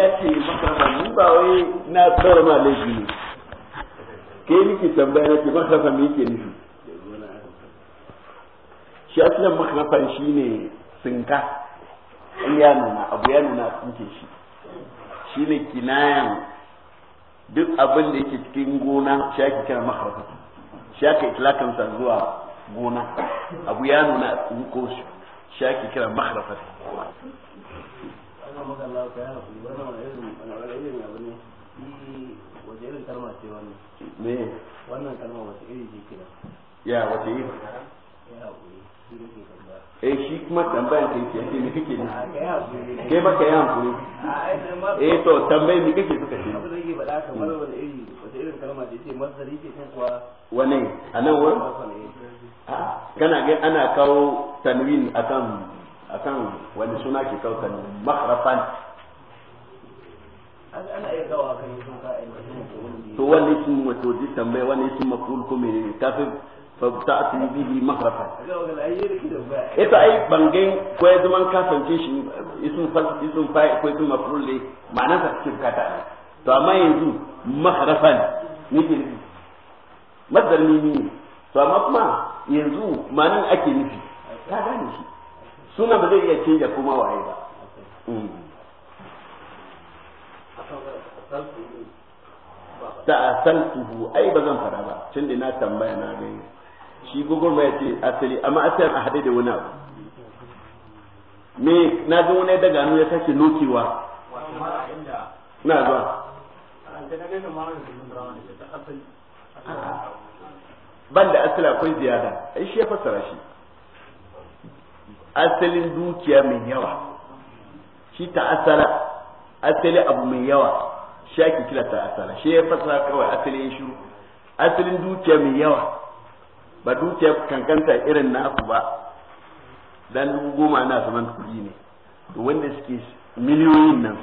na maka ba ba wai na tsara ma laifi ne ke nake tambaya na ce maka ba me yake nufi shi asalin makarafan shi ne sinka in ya nuna abu ya nuna sinke shi shi ne kinayan duk abin da yake cikin gona shi ake kira makarafa shi ake itlakansa zuwa gona abu ya nuna ko shi ake kira makarafa maka Allah ka yana wani irin wani irin wace irin kalma ce wannan me wannan kalma wace ce kira ya wace ya eh shi kuma kake ne ke ba ka yi hankuri eh to kake suka ce wurin kana ana kawo tanwin akan akan wani suna ke kawo kan makarafan to wani sun matoji tambaye wani sun maful ko menene kafin fabta'tu bibi makrafa ita ai bangen ko zaman kafance shi isun fa'i ko sun mafrul ne ma'ana ta cikin kata ne to amma yanzu makrafan ne ke nufi madar ne ne to amma kuma yanzu ma'anin ake nufi ta gane shi suna ba zai iya canja kuma waye ba ta asaltuhu ai ba zan fara ba tun da na tambaya na gani shi gugurma ya ce asali amma asali a haɗe da wani abu me na ga wani daga ya tashi lokewa na zuwa ban da asali akwai ziyada ai shi ya fassara shi asalin dukiya mai yawa shi ta asala asali abu mai yawa shi ake kira ta asala shi ya fasa kawai asalin shi asalin dukiya mai yawa ba dukiya kankanta irin na aku ba dan dubu goma na saman kuɗi ne wanda suke miliyoyin nan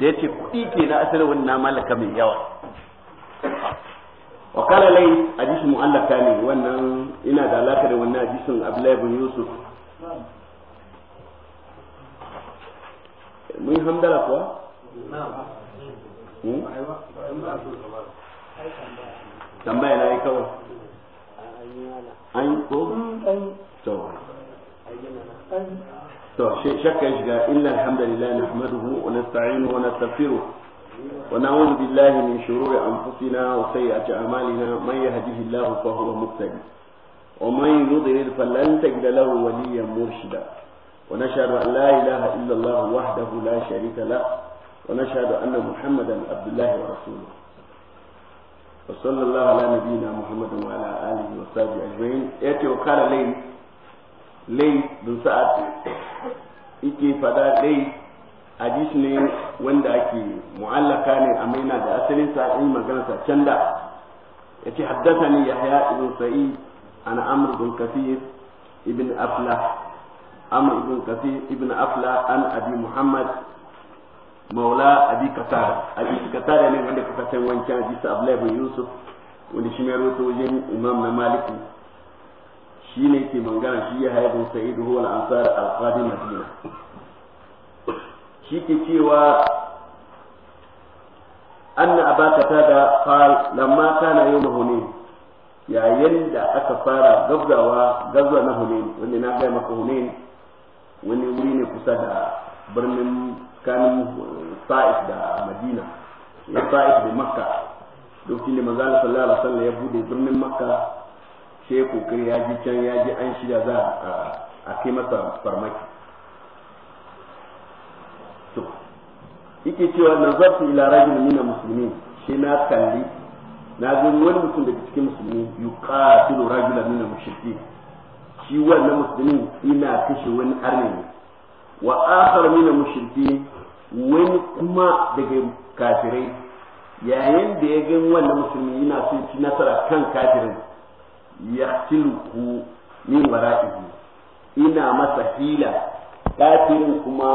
da yace kuɗi ke na asalin wannan malaka mai yawa wa kala lai hadisi mu'allaka ne wannan ina da alaka da wannan hadisin Abdullahi bin Yusuf muy hamdala kuwa hmm? tambay la ay kaw ay ko to to shakka ishga illa alhamdulillah nahmaduhu wa nasta'inuhu wa nastaghfiruh ونعوذ بالله من شرور أنفسنا وسيئة أعمالنا من يهده الله فهو ومن يضلل فلن تجد له وليا مرشدا ونشهد ان لا اله الا الله وحده لا شريك له ونشهد ان محمدا عبد الله ورسوله وصلى الله على نبينا محمد وعلى اله وصحبه اجمعين يأتي وقال لي لي بن سعد yake فدا dai hadis ne wanda ake mu'allaka ne amma yana da asalin sa in magana sa can da yace ana amr bin kafir ibn afla amr ibn kafir ibn afla an abi muhammad maula abi katara abi katara ne wanda kuka san wancan hadisi abdullahi bin yusuf wanda shi mai rawaito wajen imam na maliki shi ne ke mangana shi ya haifu sa'idu huwa ansar al-qadi madina shi ke cewa anna abaka tada qal lamma kana yawm hunain yayin da aka fara gazawa gabza na hunain wanda na gaya maka hunain wani wuri ne kusa da birnin kanin sa'id da madina ya sa'id da makka duk ne manzo sallallahu alaihi wasallam ya bude birnin makka sai kokari ya ji can ya ji an shirya za a kai masa farmaki to yake cewa nazartu ila rajulin min muslimin shi na kalli na ga wani mutum daga cikin musulmi yuqatilu rajulan min al-mushriki shi wannan musulmin ina kashe wani arne wa akhar min al-mushriki wani kuma daga kafirai yayin da ya ga wannan musulmi yana son ci nasara kan kafirin yaqtiluhu min wara'ihi ina masa hila kafirin kuma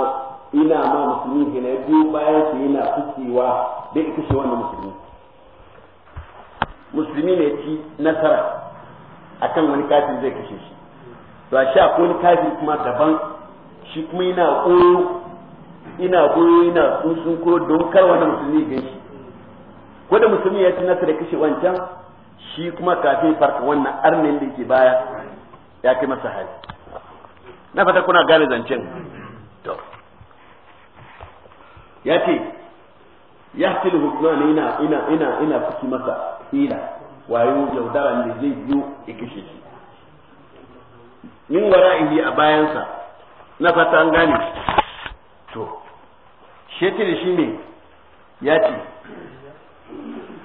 ina ma musulmi ne biyu bayan su yana fuskewa da ita shi wannan musulmi musulmi ne ci nasara akan wani kafin zai kashe shi to a sha ko wani kafin kuma daban shi kuma yana koyo ina koyo ina tsuntsun ko don kar wani musulmi gan shi ko da musulmi ya ci nasara kashe wancan shi kuma kafin farka wannan arnin da ke baya ya kai masa hali na fata kuna gane zancen to ya ce ya fil hukman ina ina ina ina fiki masa hila wayo yaudara ne zai biyo ya kashe shi min wara'ihi a bayansa na fata an gane to shetil shi ne ya ce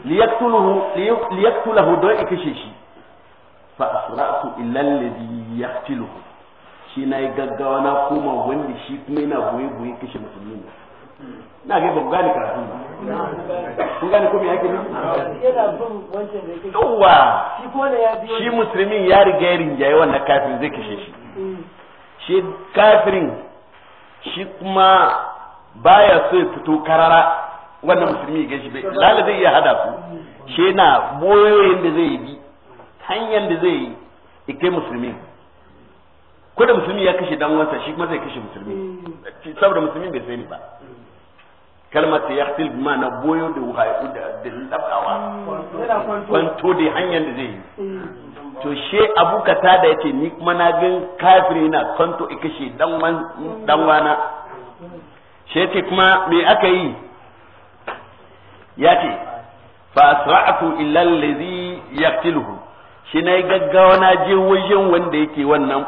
liyaqtuluhu don ya kashe shi fa asra'tu illa alladhi yaqtuluhu shi na yi gaggawa na koma wanda shi kuma yana boye boye kashe musulmi ne na ga babu gane karatu kun gane ko me yake ne yana bin wancan da yake yawa shi ko ne ya biyo shi musulmin ya riga ya rinjaye wannan kafirin zai kishe shi mm. shi kafirin shi kuma baya so ya fito karara wannan musulmi ga shi bai lalle zai iya hada su shi na boyoyin da zai bi hanyar da zai yi kai musulmi ko da musulmi ya kashe dan wansa shi kuma zai kashe musulmi mm. saboda musulmi bai sani ba kalmar ta yaktil ma na boyo da wahayu da labawa kwanto da hanyar da zai yi mm. to she abu kata da yace ni kuma na gan kafiri na kwanto ikashe dan wana she yace kuma me aka yi yace fa asra'tu illa allazi yaqtiluhu shi na gaggawa na je wajen wanda yake wannan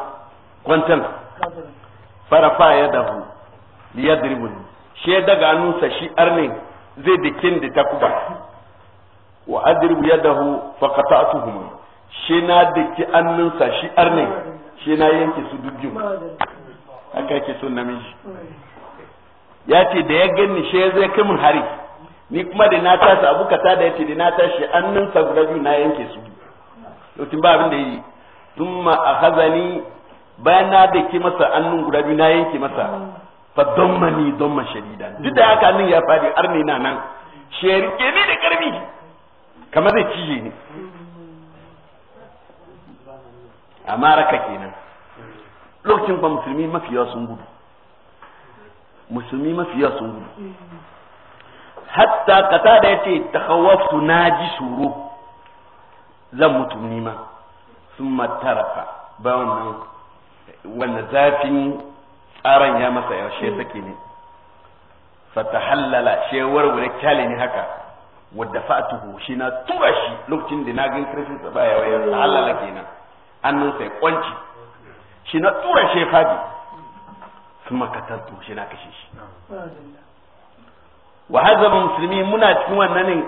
kwantan farafa ya dahu liyadribuni shi ya daga hannunsa shi arne zai dikin da takuba wa adribu yadahu fa qata'tuhum shi na diki hannunsa shi arne shi na yanke su dukkan haka yake son namiji ya ce da ya gani shi zai kai mun hari ni kuma da na tashi abu kata da ya ce da na tashi hannunsa guda biyu na yanke su lokacin ba abin da yi thumma akhazani bayan na daki masa annun guda biyu na yanke masa fa dommani damman shadida duk da haka nan ya fadi arni na nan sharike ni da karfi kamar zai cije ni amma raka kenan lokacin ba musulmi mafiya sun gudu musulmi mafiya sun gudu hatta kata da yace na naji suru zan mutu nima sun matarafa ba wannan wannan zafin aran ya masa ya she mm. sake ne hallala she warware kyale ne haka wadda fatuhu shi na tura shi lokacin da na gan kirkin sa baya waya halala kenan annun sai kwanci shi na tura shi fadi makatar to shi na kashe shi wa hazaba musulmi muna cikin wannan ne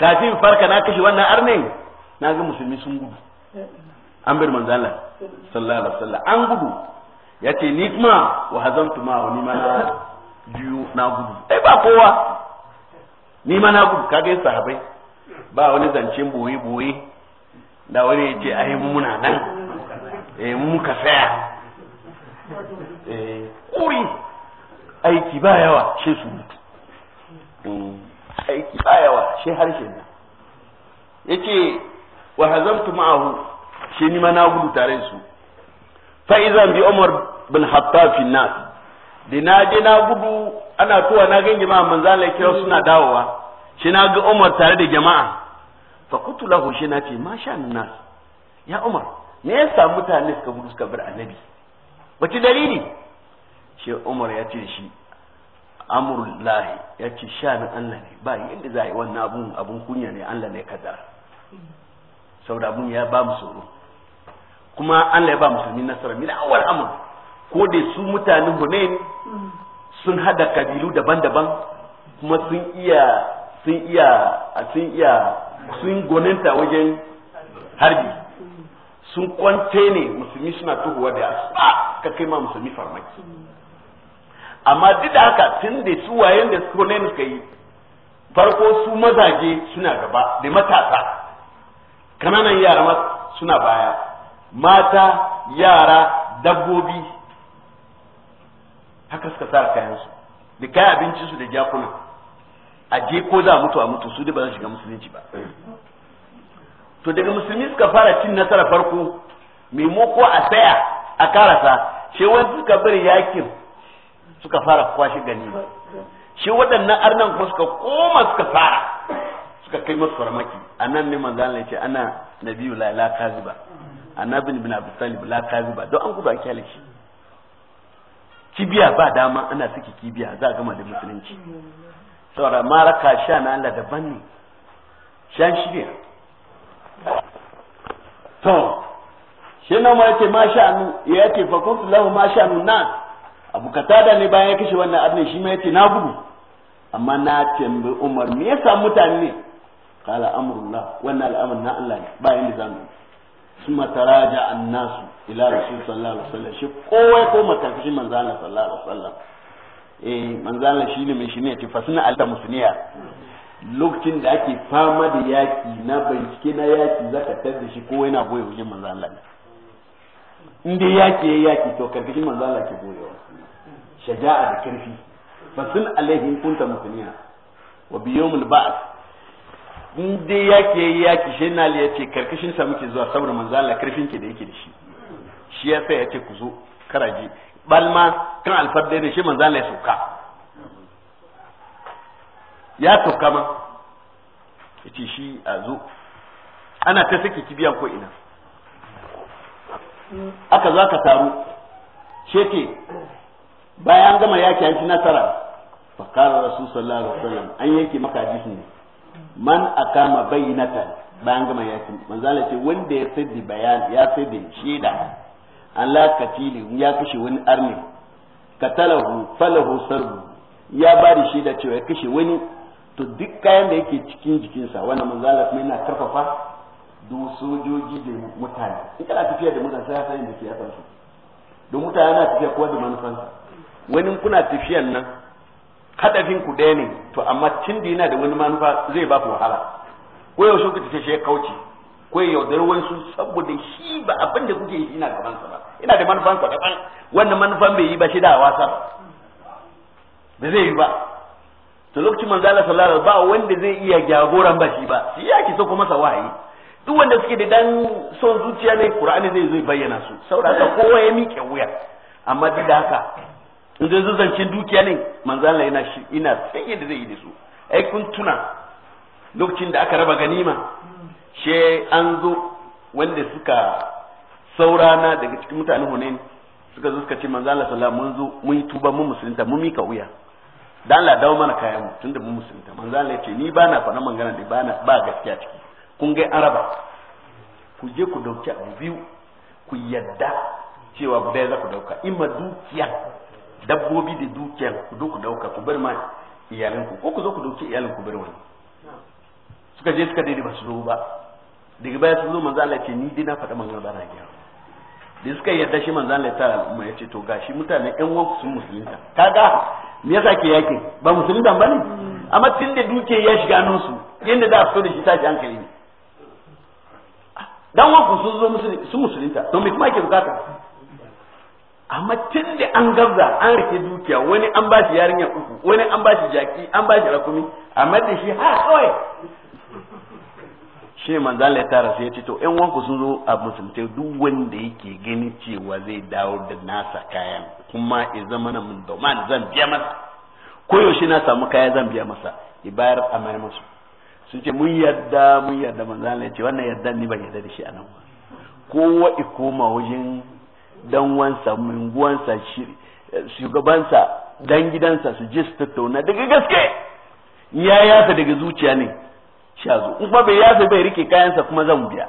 kafin farka na kashe wannan arnin na ga musulmi sun gudu mm. an bar manzala sallallahu alaihi wasallam an gudu ya ce ni kuma wa hazantu ma wa nima na biyu na gudu ai ba kowa ni na gudu kaga yin sahabai ba wani zancen boye boye da wani ya ce ai muna nan eh muka saya eh kuri aiki ba yawa shi su mutu eh, aiki ba yawa shi harshen nan yace wa hazantu ma'ahu shi ni na gudu tare su fa'izan bi umar bin hattab fi nas da na je na gudu ana tuwa na gan jama'a manzo Allah kira suna dawowa shi na ga umar tare da jama'a fa kutu lahu shi na ce nas ya umar me yasa mutane suka gudu suka bar annabi wace dalili shi umar ya ce shi amurullahi ya ce shanin Allah ne ba yadda za yi wannan abun abun kunya ne Allah ne kadara saboda abun ya ba mu tsoro kuma Allah ya ba musulmi nasara min awal amr ko da su mutanen Hunain sun hada kabilu daban-daban kuma sun iya sun iya a sun iya sun gonenta wajen harbi sun kwance ne musulmi suna tuhuwa da asuba ka kai ma musulmi farmaki amma duk da haka tun da su wayen da su ne suka yi farko su mazaje suna gaba da matasa kananan yara suna baya mata yara dabbobi haka suka sa kayansu da kayan abincinsu da jakuna a je ko za mutu a mutu su da ba za shiga musulunci ba to daga musulmi suka fara cin nasara farko mai moko a saya a karasa shi wani suka bari yakin suka fara kwashe gani shi waɗannan arnan kuma suka koma suka fara suka kai masu farmaki a nan ne manzan ce ana nabiyu la kaziba annabi ibn abi talib la kaziba don an gudu an kyale shi kibiya ba dama ana saki kibiya za a gama da musulunci saboda maraka sha na Allah daban ne shan shirya to shi na ma yake ma sha'anu ya yake fa lahu ma sha'anu na abu katada ne bayan ya kashe wannan abin shi ma yake na gudu amma na tambi Umar me yasa mutane ne kala amrullah wannan al'amarin na Allah ne ba inda zamu suma taraja annasu ila rasul sallallahu alaihi wasallam shi kowa ya koma karkashin manzo Allah sallallahu alaihi wasallam eh manzo Allah shine mai shine ce fasna alta musniya lokacin da ake fama da yaki na bincike na yaki zaka tada shi kowa yana goye wajen manzo Allah in dai yaki yayi yaki to karkashin manzo Allah ke goyewa shaja'a da karfi fasin alaihim kunta musniya wa biyawmil ba'th in dai yake yi yaki shi na ya ce karkashin sa muke zuwa saboda manzo Allah karfin ki da yake da shi shi ya sai ya ce ku zo karaje balma kan alfarda ne shi manzo Allah ya sauka ya sauka ma yace shi a zo ana ta saki kibiyan ko ina aka zo aka taru sheke bayan gama yaki an ci nasara fakara rasul sallallahu alaihi wasallam an yanke maka hadisi ne man akama bayyinatan bayan gama yaki manzala ce wanda ya sai bayan ya sai da shaida Allah katili ya kashe wani arni katalahu falahu sarbu ya ba da shaida cewa ya kashe wani to duk kayan da yake cikin jikinsa wannan manzala kuma yana karfafa duk sojoji da mutane in kana tafiya da mutane sai ya san inda ke yasan su don mutane na tafiya kowa da manufansa wani kuna tafiyan nan kadafin ku ɗaya ne to amma tun da yana da wani manufa zai ba ku wahala ko yaushe ku tafi shi kauce ko ya yaudar wasu saboda shi ba abin da kuke yi ina gaban sa ba ina da manufan sa daban wannan manufan bai yi ba shi da wasa ba zai yi ba to lokacin manzo Allah sallallahu alaihi ba wanda zai iya jagoran ba shi ba shi ki so kuma sa wahayi duk wanda suke da dan son zuciya ne Qur'ani zai zo bayyana su saboda kowa ya mike wuya amma duk da haka in zai zancen dukiya ne manzan yana ina san yadda zai yi da su ai kun tuna lokacin da aka raba ganima she an zo wanda suka saurana daga cikin mutanen Hunain suka zo suka ce manzan Allah mun zo mun yi tuba mun musulunta mun mika wuya dan dawo mana kayan mu tunda mun musulunta manzan Allah ce ni bana faɗa magana da bana ba gaskiya ciki kun ga araba ku je ku dauki abu biyu ku yadda cewa guda za ku dauka imma dukiya dabbobi da dukiya ku zo dauka ku bar ma iyalinku ko ku zo ku dauki ku bar wani suka je suka daidai ba su zo ba daga baya su zo manzo Allah ce ni dai na faɗa manzo ba na gaya da suka yarda shi manzo Allah ta mu ya ce to gashi mutane ɗan uwan sun musulunta kaga me yasa ke yake ba musulunta ba ne amma tun da duke ya shiga nan su yanda da fito da shi tashi hankali ne dan ah, uwan sun zo musulunta to me kuma ke bukata amma tun da an gabza an rike dukiya wani an ba shi yarinya uku wani an ba shi jaki an ba shi rakumi amma da shi har kawai shi manzan ya tara sai ya ce to ƴan wanku sun zo a musulunce duk wanda yake gani cewa zai dawo da nasa kayan kuma ya zama na mun man zan biya masa koyaushe na samu kaya zan biya masa ya bayar a mayar masu sun ce mun yadda mun yadda manzan ya ce wannan yadda ni ban yadda da shi a nan kowa koma wajen dan wansa minguwansa shugabansa dan gidansa su je su tattauna daga gaske ya yasa daga zuciya ne sha zo in ba bai yasa bai rike kayansa kuma zan biya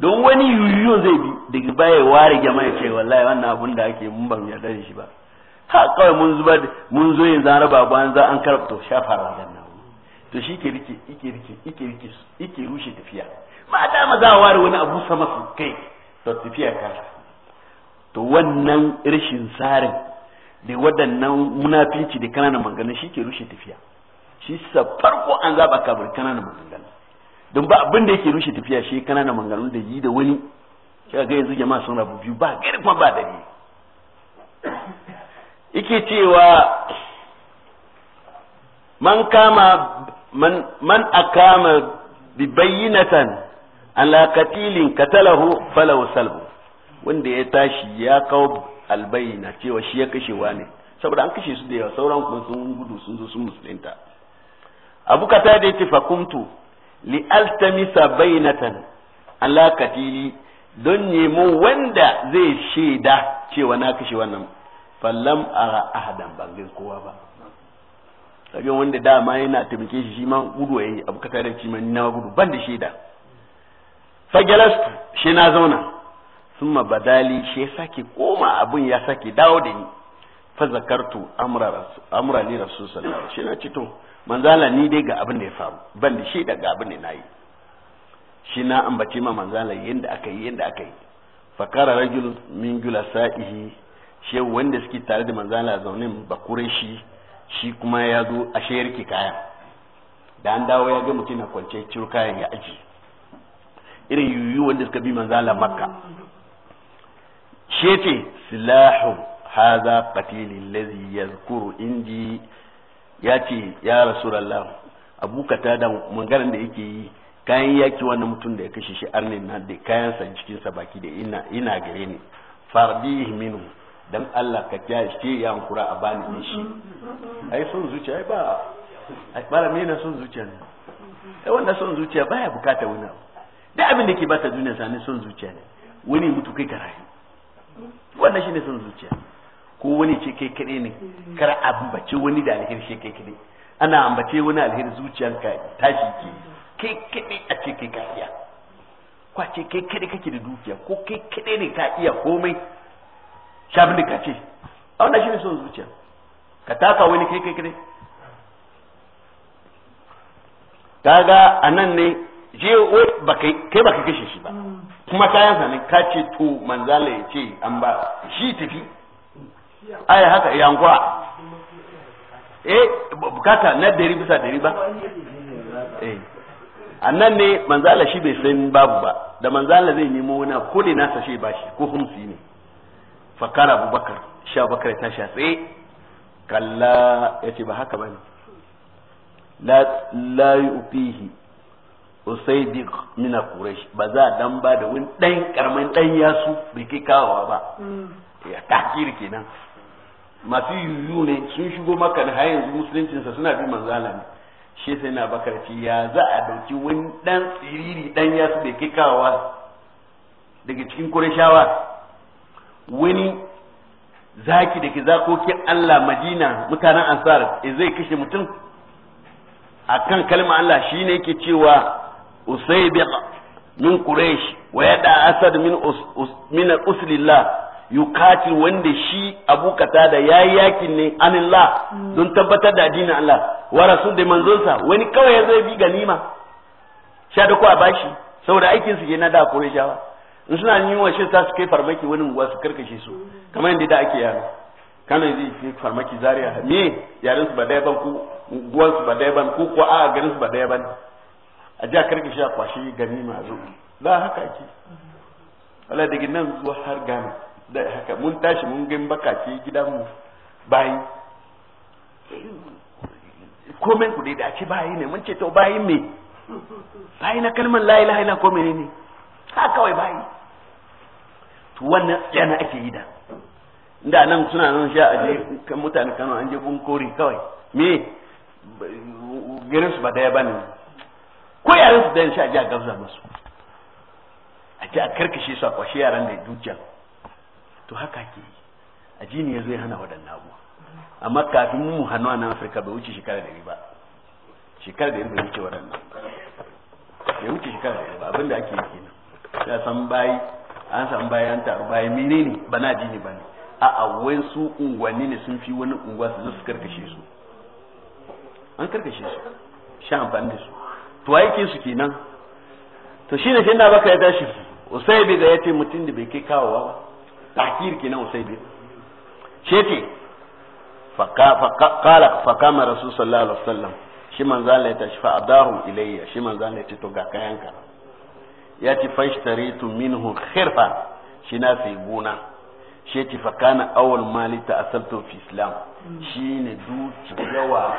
don wani yuyuyo zai bi daga baya ware jama'a ce wallahi wannan abun da ake mun ban yarda da shi ba ha kawai mun zuba mun zo yanzu an raba ba an za an karɓto shafa ranar nan to shi ke rike ike rike ike rike ike rushe tafiya mata maza ware wani abu sama su kai da tafiya kasa to wannan rashin tsarin da waɗannan munafici da kananan maganganu shi ke rushe tafiya shi sa farko an zaba kabar kananan maganganu don ba abin da yake rushe tafiya shi kananan maganganu da yi da wani shi ga yanzu jama'a sun rabu biyu ba gari kuma ba dare yake cewa man kama man akama bi bayyinatan ala katilin katalahu falahu salbu wanda ya tashi ya kawo albayina cewa shi ya kashe ne saboda an kashe su da yawa sauran kuma sun gudu sun zo sun musulunta abu kata da yace fakumtu li altamisa bainatan ala katili don nemo wanda zai shaida cewa na kashe wannan fallam ara ahadan bangin kowa ba sabon wanda dama yana taimake shi shi ma gudu yayi abu da ci man na gudu ban da shaida fagalastu shi na zauna ma badali shi ya sake koma abin ya sake dawo da ni fa zakartu amura ni rasu sallallahu shi na cito manzala ni dai ga abin da ya faru ban da shi daga abin da na yi shi na ambace ma manzala yadda aka yi yadda aka yi fakara rajul min sa'ihi shi wanda suke tare da manzala zaunin bakure shi shi kuma ya zo a shayar ki kayan da an dawo ya ga mutum na kwance ciro kayan ya aji irin yuyu wanda suka bi manzala makka shi silahu hadha qatili allazi yazkuru inji yace ya rasulullah abu da mangaran da yake yi kayan yaki wannan mutum da ya kashe shi arnin na da kayan sa cikin sa baki da ina ina gare ni fardih minu dan Allah ka kiyaye shi ya hankura a bani ne shi ai son zuciya ai ba ai bara mena son zuciya ne ai wannan son zuciya baya bukata wani abu duk abin da ke ta duniya sani son zuciya ne wani mutu kai ka rayu wannan shine son zuciya ko wani ce kai kade ne kar ambace wani da alheri shi kai kade ana ambace wani alheri ka tashi ke kai kade a ce kai kasiya kwa ce kai kade kake da dukiya ko kai kade ne ka iya komai shafin da ka ce a wannan shine son zuciya ka taka wani kai kai kade kaga anan ne je kai baka kashe shi ba mm. kuma ta sa ne ka ce to manzala ya ce an ba shi tafi ai haka yankwa eh bukata na dari bisa dari ba eh annan ne manzala shi bai san babu ba da manzala zai nemo wani ko da nasa shi ba shi ko humsi ne fakara abubakar sha bakar ta sha tsaye kalla yace ba haka ne la la ufihi. usaidik mina kurai ba za dan ba da wani dan karamin dan yasu bai kai kawawa ba mm. ya takir kenan masu yuyu ne sun shigo maka da yanzu musuluncinsa suna bi manzala ne shi sai na bakar bakarci ya za a dauki wani dan tsiriri dan yasu bai kai kawawa daga cikin qurayshawa wani zaki da ke zakokin Allah Madina mutanen Ansar eh, zai kashe mutum akan kalmar Allah shine yake cewa usaybiq min quraish wa yada asad min min uslillah yukatil wanda shi abu da yayi yakin ne anillah don tabbatar da addinin Allah wa rasul da manzonsa wani kawai zai bi ganima sha da ku a bashi saboda aikin su na da qurayshawa in suna yin wa shi su kai farmaki wani unguwa su karkashe su kamar yadda da ake yaro kana zai yi farmaki zaria me yaran su ba daya ban ku guwan su ba daya ban ku ko a garin su ba daya ban a ji a karki shi a kwashe gani ma zo da haka ake wala daga nan zuwa har gana da haka mun tashi mun gan bakake gidanmu bayi komai ku dai da ce bayi ne mun ce to bayi me bayi na kalmar la ilaha illa komai ne ha kawai bayi to wannan yana ake yi da da nan suna nan sha aje kan mutane Kano an je bunkori kawai me garin su ba daya bane ko yaran su dan sha ji a gabza musu a ji a karkashe su a kwashe yaran da dukiya to haka ke yi a ji ne ya zai hana waɗannan abuwa amma kafin mu hannu a nan afirka bai wuce shekara da ba shekara da bai wuce waɗannan bai wuce shekara da ba abinda ake yi kenan ya san bayi an san bayi an taru bayi menene ba na ji ne ba ne a'a wai su unguwanni ne sun fi wani unguwa su su karkashe su an karkashe su sha amfani da su to aiki su kenan to shine shi na baka ya tashi usaibi da yace mutum da bai kai kawowa ba tahkir kenan usaibi shete faqala faqama rasul sallallahu alaihi wasallam shi manzo Allah ya tashi fa adahu ilayya shi manzo Allah ya ce to ga kayanka ya ci fashtaritu minhu khirfa shi na sai guna shi ya ci fakana awal mali ta asalto fi islam shi ne yawa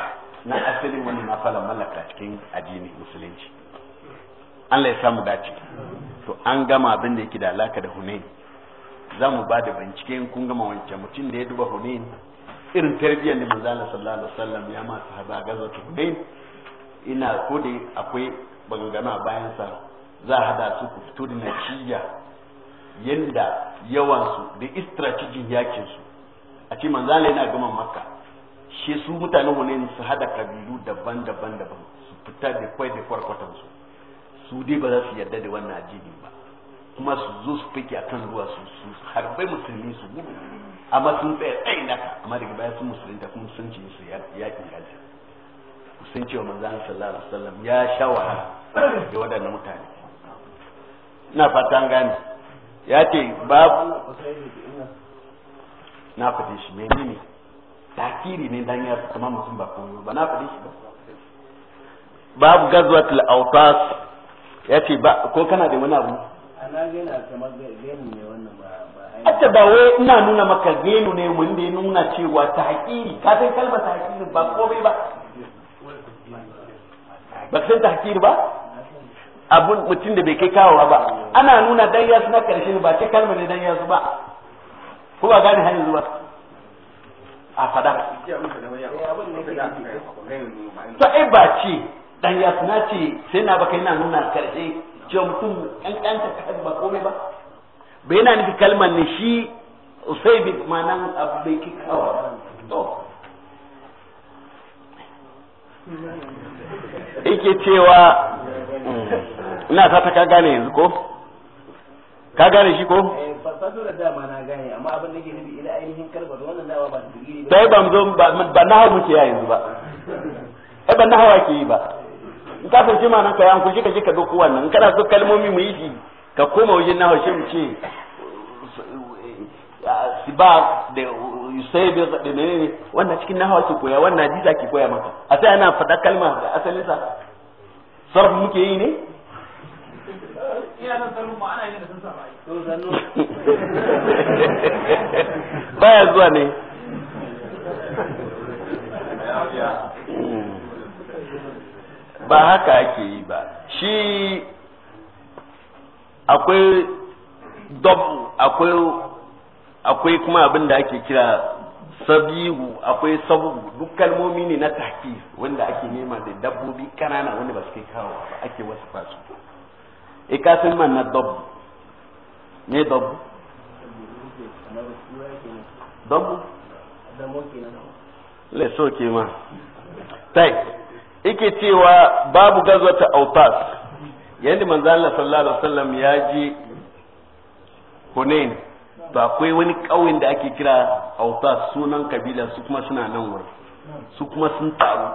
na asalin wani na mallaka cikin addini musulunci Allah ya samu dace to an gama abin da yake da alaka da Hunain za mu ba da bincike kun gama wancan mutum da ya duba Hunain irin tarbiyyar da manzo sallallahu alaihi wasallam ya ma sahaba gaza ta Hunain ina ko da akwai bangana bayan sa za a hada su ku fito da nashiya yanda yawan su da istratejin yakin su a ce manzala yana gama makka shi su mutane hunain su hada kabilu daban-daban daban su fita da kwai da kwarkwatansu su dai ba za su yarda da wannan ajini ba kuma su zo su fike akan ruwa su su harbai musulmi su gudu amma sun tsaye tsayin daka amma daga baya sun musulunta kuma sun ce su yaƙin gaza ku san wa manzan sallallahu alaihi wasallam ya sha wahala da waɗannan mutane ina fata an gane ya ce babu na fate shi menene takiri ne dan ya kuma mutum ba koyo ba na faɗi shi ba babu gazwatul awtas yace ba ko kana da wani abu ana gina kamar gemu ne wannan ba Atta ba wai ina nuna maka genu ne mun ya nuna cewa ta ka san kalmar ta hakiri ba komai ba ba san ta ba abun mutum da bai kai kawowa ba ana nuna dan yasu na karshe ba ce kalmar ne dan yasu ba ko ba gane hanyar zuwa a fada to ai ba ce dan ya suna ce sai na baka yana nuna karshe cewa mutum an kanta kaɗan ba komai ba bai yana nufi kalmar ne shi usai bi manan abu bai kikawa to yake cewa ina ta ka gane yanzu ko ka gane shi ko eh, a ban zo ba na hau muke ba ai ban na hawa ke yi ba in ka fahimci ma nan ka yan kushi ka shi ka wannan in kana so kalmomi mu yi shi ka koma wajen na haushe mu ce siba da yusai da wannan cikin na hawa ke koya wannan ke koya maka a sai ana faɗa kalma da asalinsa sarf muke yi ne baya zuwa ne ba haka ake yi ba shi akwai dob akwai akwai kuma abin da ake kira sabihu akwai sabu duk kalmomi ne na taki wanda ake nema da dabbobi kanana wanda ba su kai kawo ake wasu fasu ikasin e man na dabu ne dabu dabu le so ke ma tai ike cewa babu gazwata autas yadda manzo Allah sallallahu alaihi wasallam ya ji Hunain to akwai wani ƙauyen da ake kira autas sunan kabila su kuma suna nan wurin su kuma sun taru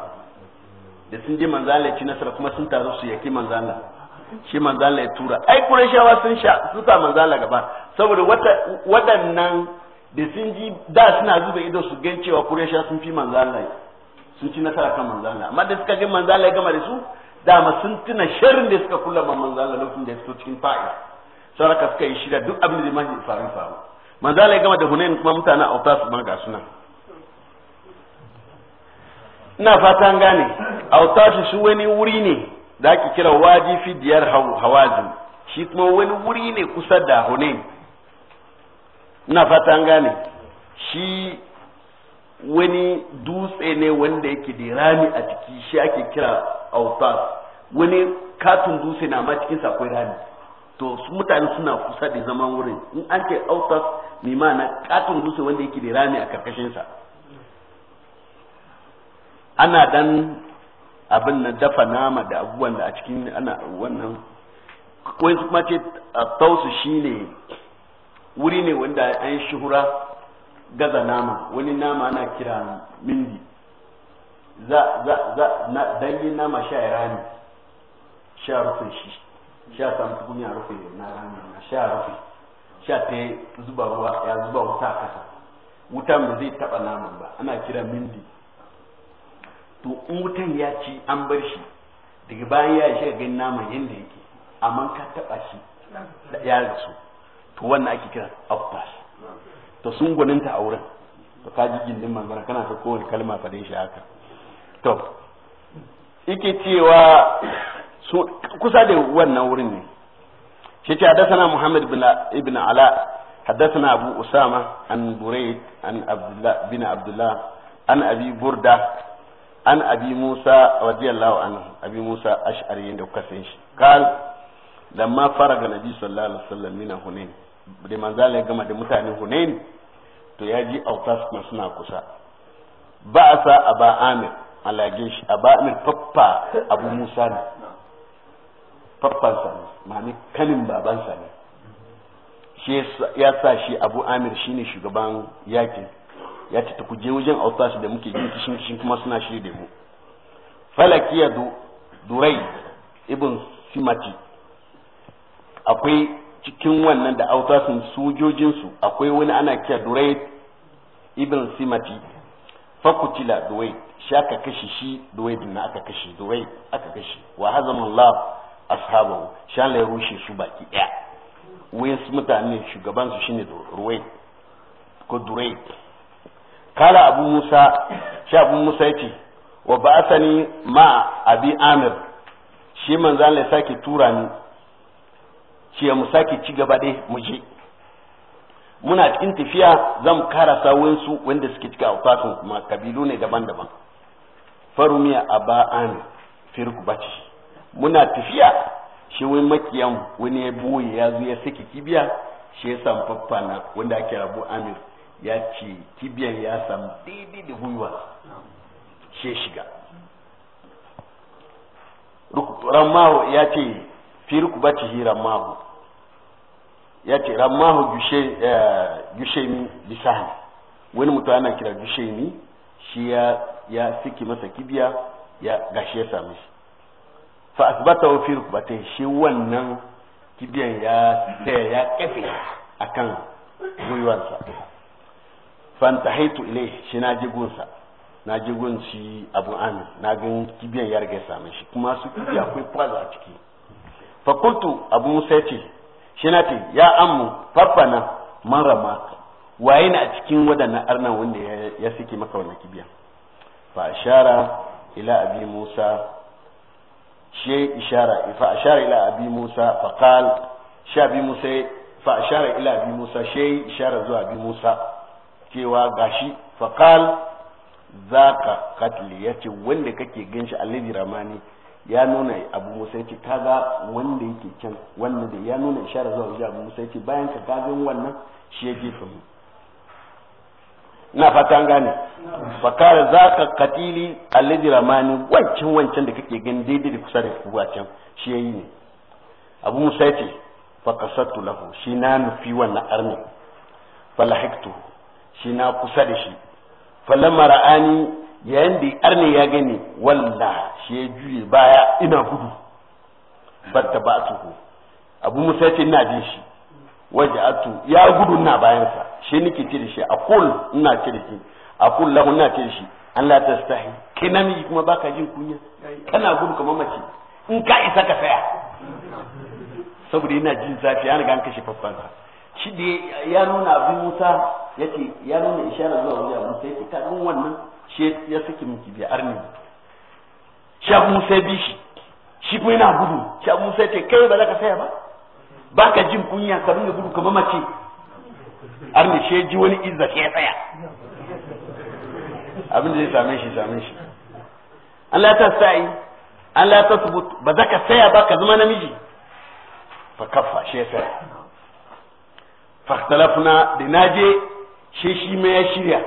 da sun je manzala ci nasara kuma sun taru su yaki Allah shi manzala ya tura ai kurashawa sun sha su sa manzala gaba saboda waɗannan da sun ji da suna zuba ido su gan cewa kurashawa sun fi manzala sun ci nasara kan manzala amma da suka ga manzala ya gama da su dama sun tuna sharrin da suka kula ma manzala lokacin da ya fito cikin fa'i saraka suka yi shida duk abin da zai faru faru manzala ya gama da hunain kuma mutanen wata su ma ga suna ina fatan gane wata shi wani wuri ne da ake kira waji fi diyar hawazin shi kuma wani wuri ne kusa da hune na fatan gane shi wani dutse ne wanda yake da rami a ciki shi ake kira autas wani katon dutse na ma cikin akwai rami to su mutane suna kusa da zaman wurin in an ce autas mai ma'ana katon dutse wanda yake da rami a sa ana dan abin na dafa nama da abubuwan da a cikin ana wannan wai kuma ce a tausu ne. wuri ne wanda an shuhura gaza nama wani nama ana kira mindi za za za na danyen nama sha ya rami sha rufe shi sha samu a rufe na rami sha rufe sha ta zuba ruwa ya zuba wuta a kasa wuta ba zai taba naman ba ana kira mindi to in wutan ya ci an bar shi daga bayan ya shiga ganin naman yadda yake amma ka taba shi ya rasu to wannan ake kira abbas to sun gwaninta a wurin to ka ji gindin manzara kana ta kowane kalma dai shi haka to yake cewa kusa da wannan wurin ne shi ce haddasana muhammad ibn ala haddasana abu usama an buraid an bin abdullah an abi burda an abi musa radiyallahu anhu abi musa ash'ari da kuka san shi kal lamma faraga nabi sallallahu alaihi wasallam min hunain da manzal ya gama da mutanen hunain to ya ji autas kuma suna kusa ba a sa aba amir alage shi aba amir faffa abu musa ne sa ne ma'ani kanin babansa ne shi ya sa shi abu amir shine shugaban yakin ya ci ku je wajen autasu da muke jin kishin kishin kuma suna shi da mu falakiya durai ibn simati akwai cikin wannan da autasun sojojinsu akwai wani ana kiya durai ibn simati fakutila duwai aka kashi shi duwai na aka kashi duwai aka kashi wa hazamallah ashabahu shan ya rushe su baki daya wayansu mutane shugaban su shine durai ko durai kala abu musa shi abu musa ya ce wa ba'athani ma abi amir shi manzo Allah ya sake tura ni mu sake ci gaba mu muna cikin tafiya zan karasa sawansu wanda suke cika autasun kuma kabilu ne daban-daban farumiya a ba'an firku bace muna tafiya shi wai makiyan wani ya boye ya zo ya saki kibiya shi ya samu na wanda ake rabu amir ya ce kibiyar ya samu daidai da gwiwa she shiga ramahu ya ce fi rukubatihi ramahu ya ce ramahu ni eh, lisani wani mutum ana kira ni shi ya ya siki masa kibiya ya gashi ya same shi fa wa fi rukbatihi shi wannan kibiyan ya tsaya ya kafe akan gwiwansa fantahaitu ile shi na jigunsa na jigun shi abu amin na gan kibiyan ya rage samun shi kuma su kibi akwai kwaza a ciki fakultu abu musa ya ce shi na ce ya amu na man rama waye na cikin waɗannan arnan wanda ya suke maka wannan kibiyan fa ashara ila abi musa she ishara fa ashara ila abi musa fa qal sha abi musa fa ashara ila abi musa she ishara zuwa abi musa cewa gashi faqal zaka katli yace wanda kake ganshi alladhi ramani ya nuna abu musa yace kaga wanda yake can wanda da ya nuna isharar zuwa wajen abu musa yace bayan ka gagan wannan shi yake famu na fatan gane faqal za ka katili alladhi ramani wancan wancan da kake gani daidai da kusa da kuwa can shi yayi ne abu musa yace fakasattu lahu shi na nufi wannan arni falahiktu shi na kusa da shi falamma ra'ani yayin da arne ya gani walla shi ya juye baya ina gudu batta ba su abu musa ce ina jin shi waje atu ya gudu ina bayansa shi nake ce da shi a kul ina ce da shi a kul lahu ina ce da shi an ta stahi kai namiji kuma baka jin kunya kana gudu kamar mace in ka isa ka saya saboda ina jin zafi an ga an kashe fafansa shi da ya nuna abin musa ya ce ya nuna ishara zuwa wajen abin ce ta kaɗan wannan shi ya saki miki bi arni shi abin musa ya bi shi shi kuma yana gudu shi abin musa ya ce kai ba za ka saya ba ba ka jin kunya ka nuna gudu kamar mace arni shi ya ji wani izza sai ya tsaya abin da zai same shi same shi Allah ta sa'i Allah ta subutu ba za ka saya ba ka zama namiji fa kaffa shi ya saya fahtalafuna da na she shi ma ya shirya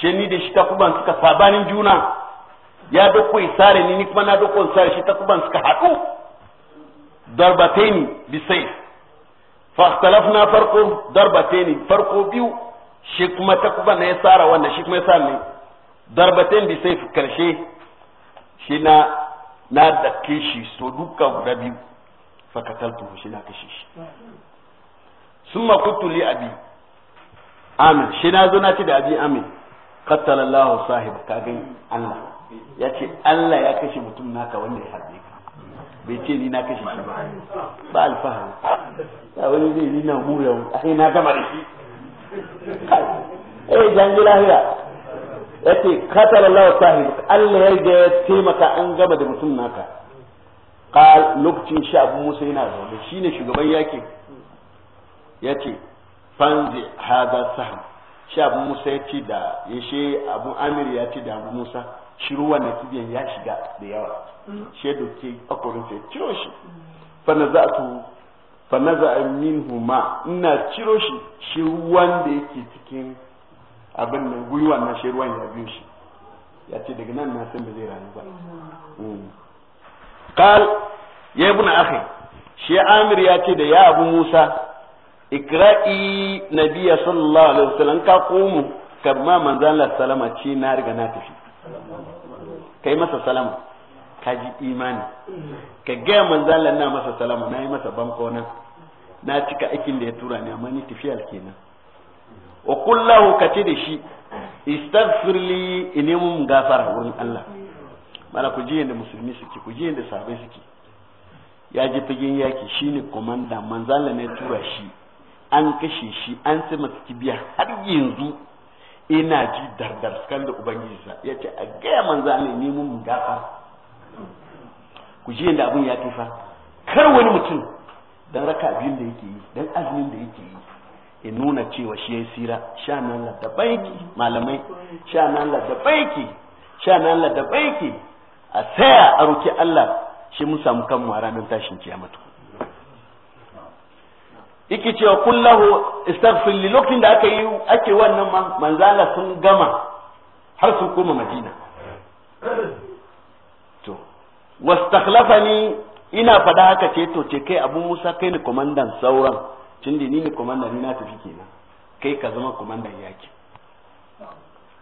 she ni da shi takuban suka sabanin juna ya doko isare ni ni kuma na doko isare shi takuban suka haɗu bi bisai fahtalafuna farko darbataini farko biyu shi kuma takuban na ya tsara wanda shi kuma ya tsara ne darbatain bisai karshe shi na na da kishi so duka guda biyu fakataltu shi na kishi. shi sun makutu li abi amin shi na zo na ce da abi amin kattala Allahu sahib ka gani Allah ya ce Allah ya kashe mutum naka wanda ya harbe ka bai ce ni na kashe shi ba ba ya wani zai ni na mura kai na gama da shi eh janji lahiya ya ce kattala Allahu sahib Allah ya ga ya taimaka an gama da mutum naka ka lokacin shi abu musa yana zaune shine shugaban yakin ya ce fanzi hada saham shi abu musa ya ce da ya she abu amir ya ce da abu musa shi ruwa na kibiyan ya shiga da yawa shi ya doke akwarin sai ciro shi fana za su fana a minhu ma ina ciro shi shi ruwan da yake cikin abin nan gwiwa na shi ruwan ya biyo shi ya ce daga nan na san ba zai rayu ba mm. qal ya ibn akhi shi amir ya ce da ya abu musa ikra'i nabiya sallallahu alaihi wasallam ka komu ma manzan Allah salama ce na riga na tafi kai masa salama ka ji imani ka ga manzan Allah na masa salama na yi masa banko nan na cika aikin da ya tura ni amma ni tafiya kenan wa kullahu ka ce da shi istaghfir li inni mun gafara wurin Allah mala ku ji yadda musulmi suke ku ji yanda sahabbai suke ya je fagen yaki shine komanda manzan Allah ne tura shi an kashe shi an sai masa kibiya har yanzu ina ji dardar kan da sa ya ce a gaya manza Allah ne mun gafa ku ji yadda abin ya tufa kar wani mutum dan raka abin da yake yi dan azumin da yake yi ya nuna cewa shi ya sira sha na Allah da baiki malamai sha na Allah da baiki sha na Allah da baiki a tsaya a roki Allah shi mun samu kanmu a ranar tashin kiyama yake cewa kullahu istaghfir li lokin da aka yi ake wannan ma manzala sun gama har sun koma madina to wastakhlafani ina faɗa haka ce to ce kai abu musa kai ne komandan sauran tun da ni ne komandan ina na tafi kenan kai ka zama komandan yaki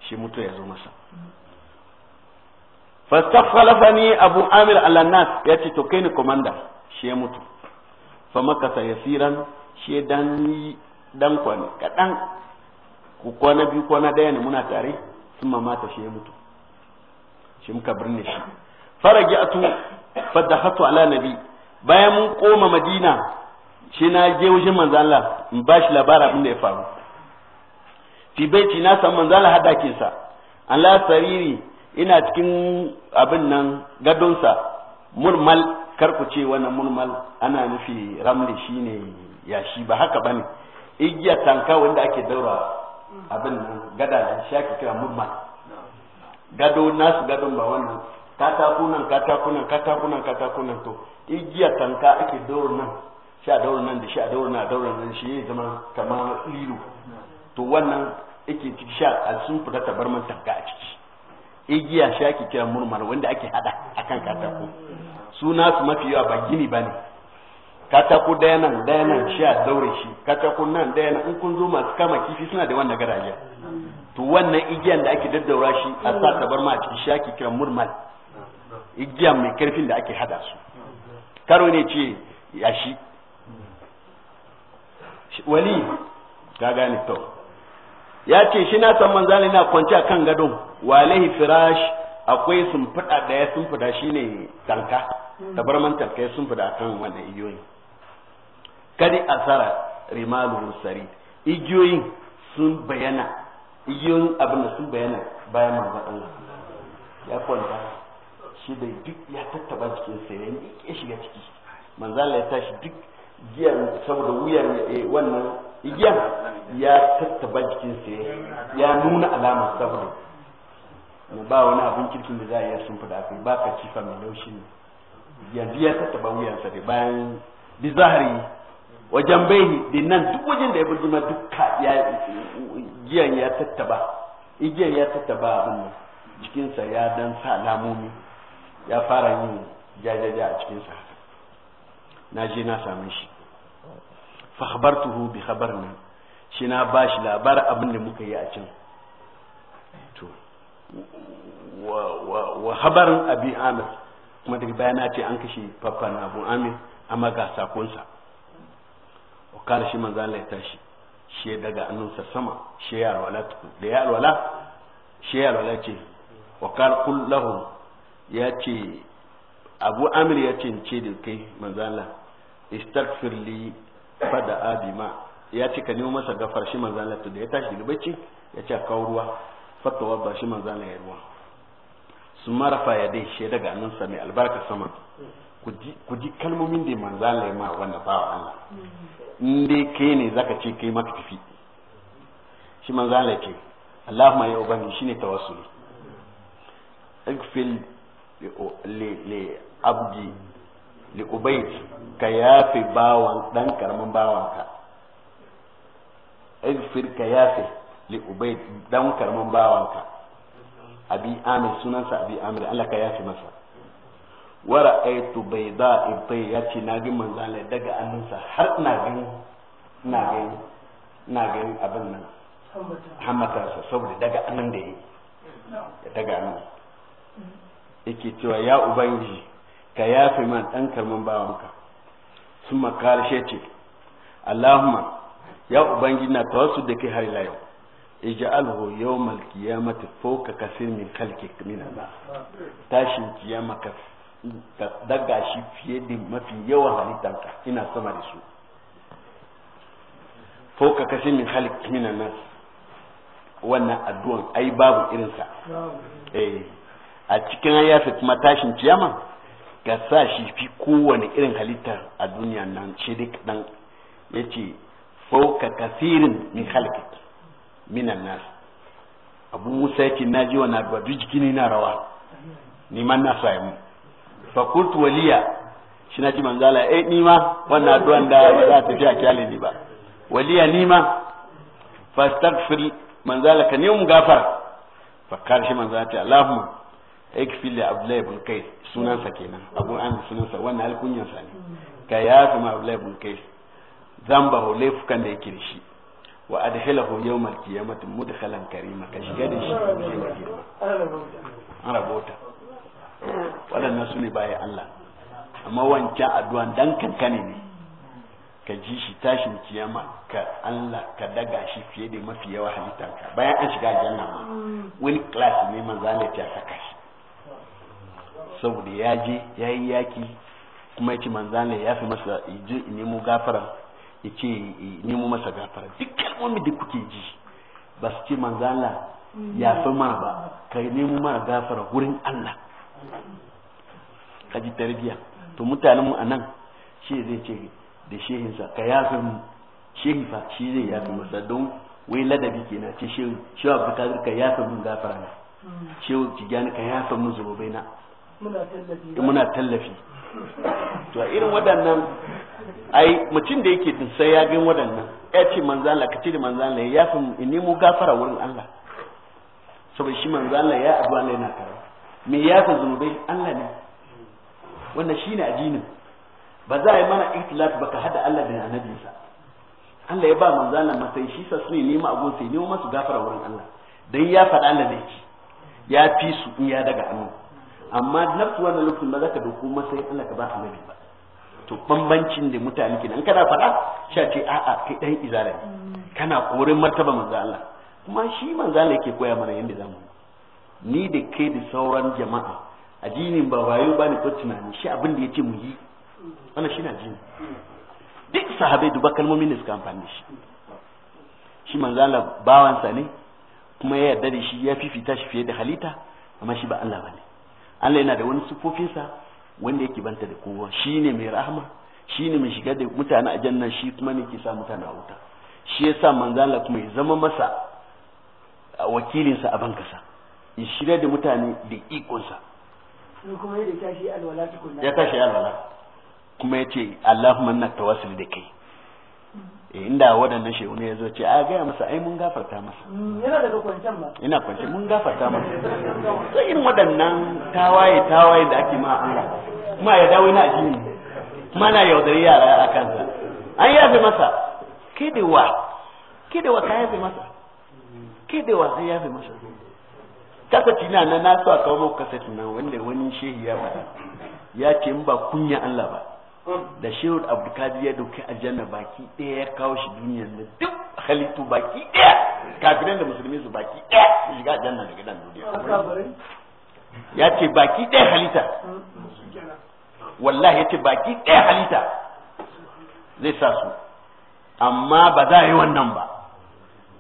shi mutu ya zo masa fastakhlafani abu amir alannas ya ce to kai ne komandan shi ya mutu fa makasa yasiran shi dan yi dan kwana kaɗan ku kwana biyu kwana daya ne muna tare sun mamata shi ya mutu shi muka birne shi farage atu fadda hatu ala nabi bayan mun koma madina shi na je wajen manzo Allah in ba shi labara abin da ya faru fi baiti na san manzo Allah hadakin sa Allah sariri ina cikin abin nan gadon sa murmal karkuce ce wannan murmal ana nufi ramli shine yashi ba haka bane igiya tanka wanda ake daura abin gada shi ake kira mumma gado nasu gadon ba wannan katakunan katakunan katakunan katakunan to igiya tanka ake daura nan shi a daura nan da shi a daura nan a daura nan shi ya zama kamar lilo to wannan yake ciki sha a sun fita tabarman tanka a ciki igiya shi ake kira murmar wanda ake hada akan katako su nasu mafi yawa ba gini ba ne katako daya nan daya nan shi a daure shi katako nan daya nan in kun zo masu kama kifi suna da wannan garaje to wannan igiyan da ake daddaura shi a sa tabarma a ciki shi ake kira murmal igiyan mai karfin da ake hada su karo ne ce ya shi wali ta gane to ya ce shi na san manzali na kwance a kan gadon walahi firash akwai sun fada daya sun fada shine tanka man tanka sun fada kan wannan igiyoyi kadi asara rimaluhu sari igiyoyin sun bayana igiyoyin abin da sun bayana bayan manzon Allah ya kwanta shi da duk ya tattaba jikin sa yayin ya shiga ciki manzon Allah ya tashi duk giyan saboda wuyan eh, wannan igiyan ya tattaba jikin sa ya nuna alama saboda mu ba wani abin kirkin da za a yi sun fada kai ba ka cifa mai laushi ne yanzu ya tattaba wuyansa da bayan bizahari wajen baini da nan duk wajen da ya burgima dukka ya giyan ya tattaba igiyan ya tattaba abin nan jikinsa ya dan sa lamomi ya fara yin jajaja a cikinsa na je na same shi fa khabartuhu bi khabarna shi na ba shi labar abin da muka yi a can to wa habarin abi amir kuma daga baya na ce an kashe papa na abu amir amma ga sakonsa kare shi manzo Allah ya tashi shi ya daga annunsa sama shi ya alwala da ya alwala shi ya alwala ce wa qala ya ce abu amir ya ce ce da kai manzo Allah istaghfir li fada abima ya ce ka masa gafar shi manzo Allah da ya tashi daga bacci ya ce kawo ruwa fatawa ba shi manzo Allah ya ruwa sun marafa ya dai shi daga annunsa mai albarka sama ku ji kalmomin da manzo Allah ya ma wannan bawa Allah mm-hmm. in dai kai ne zaka ce kai maka tafi shi man zala ce Allahumma ya ubangi shine tawassuli igfil li abdi li ubayd ka yafi bawan dan karamin bawanka igfir ka yafi li ubayd dan karamin ka abi amir sunansa abi amir Allah ka yafi masa wara aitu bayda za ibtai ya ce na ga Allah daga annansa har ina gani ina gani ina gani abin nan sa saboda daga annan da yi ya daga nan yake cewa ya ubangiji ka yafe man dan karman bawanka sun makarshe ce Allahumma ya ubangiji na tawassu da kai har ila yau ij'alhu yawmal qiyamati fawka kaseer min khalqik min Allah tashin kiyama kaseer ka daga shi fiye da mafi yawan halittanka ina sama da su fauka kashe min halik minan nan wannan addu'an ai babu irinsa eh a cikin ayyafi kuma tashin ciyama ka sa shi fi kowane irin halitta a duniya nan ce duk dan ya ce fauka kasirin min halik minan nas abu musa yake na ji wani addu'a duk jikini na rawa neman na sa mu fakult waliya shi na ji manzala eh ni ma wannan addu'an da ba za ta fiya a kyale ni ba waliya ni ma fastaghfir manzala ka yi gafar fa shi manzala ta Allahumma ikfil li Abdullahi ibn sunan sunansa kenan Abu sunan sunansa wannan alkunyan sa ne ka yafi ma abdullahi ibn kayy zamba ho laifukan da yake shi wa adhilahu yawmal qiyamati mudkhalan karima ka shiga da shi an rabota waɗannan su ne baya Allah amma wancan addu'an dan kankane ne ka ji shi tashin kiyama ka Allah ka daga shi fiye da mafi yawa halittarka bayan an shiga janna ma wani class ne manzalati ya saka shi saboda ya je ya yi yaki kuma ya ce manzala ya fi masa je nemo gafara ya ce nemo masa gafara duk kalmomi da kuke ji ba su ce manzala ya fi mana ba ka nemo mana gafara wurin Allah kaji tarbiya to mutanen mu anan shi zai ce da shehinsa ka yafe mu shehi fa shi zai yafe masa don wai ladabi kenan ce shehu shehu abdulkadir ka yafe mu gafara na shehu gani ka yafe mu bai na muna tallafi to irin waɗannan ai mutum da yake din sai ya ga waɗannan ya ce manzo Allah ka ce da manzo Allah ya yafe mu in nemo gafara wurin Allah saboda shi manzo Allah ya addu'a ne yana karatu mai yafa zunubai Allah ne wannan shine addinin ba za a yi mana ikhtilaf ba ka hada Allah da sa. Allah ya ba Allah masai shi sa su ne nema abun sai nemo masu gafara wurin Allah dan ya faɗa Allah ne ya fi su in ya daga hannu amma nafsu wannan lokacin ba za ka doko masai Allah ka ba annabi ba to bambancin da mutane kenan in kana faɗa sha ce a'a kai dan izara kana korin martaba manzo Allah kuma shi manzo Allah yake koya mana yanda zamu ni da ke da sauran jama'a addinin ba wayo ne ko tunani shi abin da yace mu yi ana shi na jini duk sahabai duba kalmomin da suka amfani shi shi manzo bawansa ne kuma ya yarda da shi ya fifita shi fiye da halitta amma shi ba Allah bane Allah yana da wani sa wanda yake banta da kowa ne mai rahama shi ne mai shiga da mutane a jannan shi kuma ne ke sa mutane a wuta shi yasa manzo Allah kuma ya zama masa wakilinsa a bankasa shirya da mutane da ikonsa ya tashi alwala kuma ya ce Allahumma na tawasul da kai eh, inda waɗannan shehu ne ya zo ce a gaya masa ai mun gafarta masa mm, yana daga kwancen ba ina kwance mun gafarta masa sai irin waɗannan tawaye tawaye da ake ma Allah kuma ya dawo na ajini kuma na yaudari yara a kansa an yafe masa kai da wa kai wa ka yafe masa kai wa sai yafe masa kasati na na na sa kawo maka kasati na wanda wani shehi ya faɗa ya ce in ba kunya Allah ba da shehu abdulkadir ya dauki aljanna baki ɗaya ya kawo shi duniyar da duk halittu baki ɗaya kafiran da musulmi su baki ɗaya su shiga aljanna daga nan duniya ya ce baki ɗaya halitta wallahi ya ce baki ɗaya halitta zai sa su amma ba za a yi wannan ba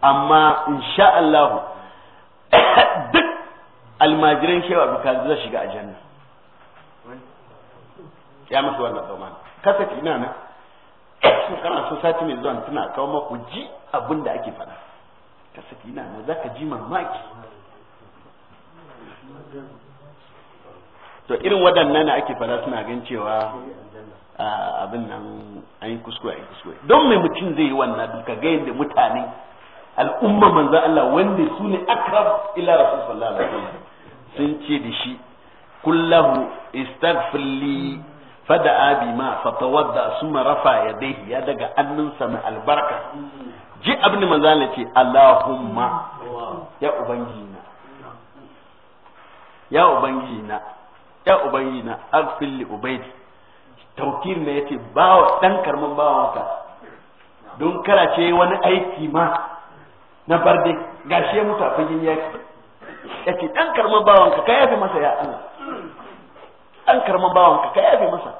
amma insha Allah duk almajiran shewa buka zai shiga aljanna ya musu wannan tsaman kasafi na nan kana so sati mai zuwa tana kawo maku ji abin da ake faɗa kasafi ina nan zaka ji mamaki to irin waɗannan ne ake faɗa suna gan cewa abin nan an yi kuskure an yi kuskure don mai mutum zai yi wannan duka ga yadda mutane al'umma manzo Allah wanda su ne akrab ila rasul sallallahu alaihi wasallam sun ce da shi kullahu istaghfir li ma bima tawadda summa rafa yadayhi ya daga annunsa mai albarka ji abin manzala ce Allahumma ya ubangina ya ubangina ya ubangina aghfir li ubaydi tawkir ne yace bawa dan karman bawanka don ce wani aiki ma na barde gashi ya ce ɗan karman bawanka ka yafe masa ya Allah ɗan karman bawanka ka yafe masa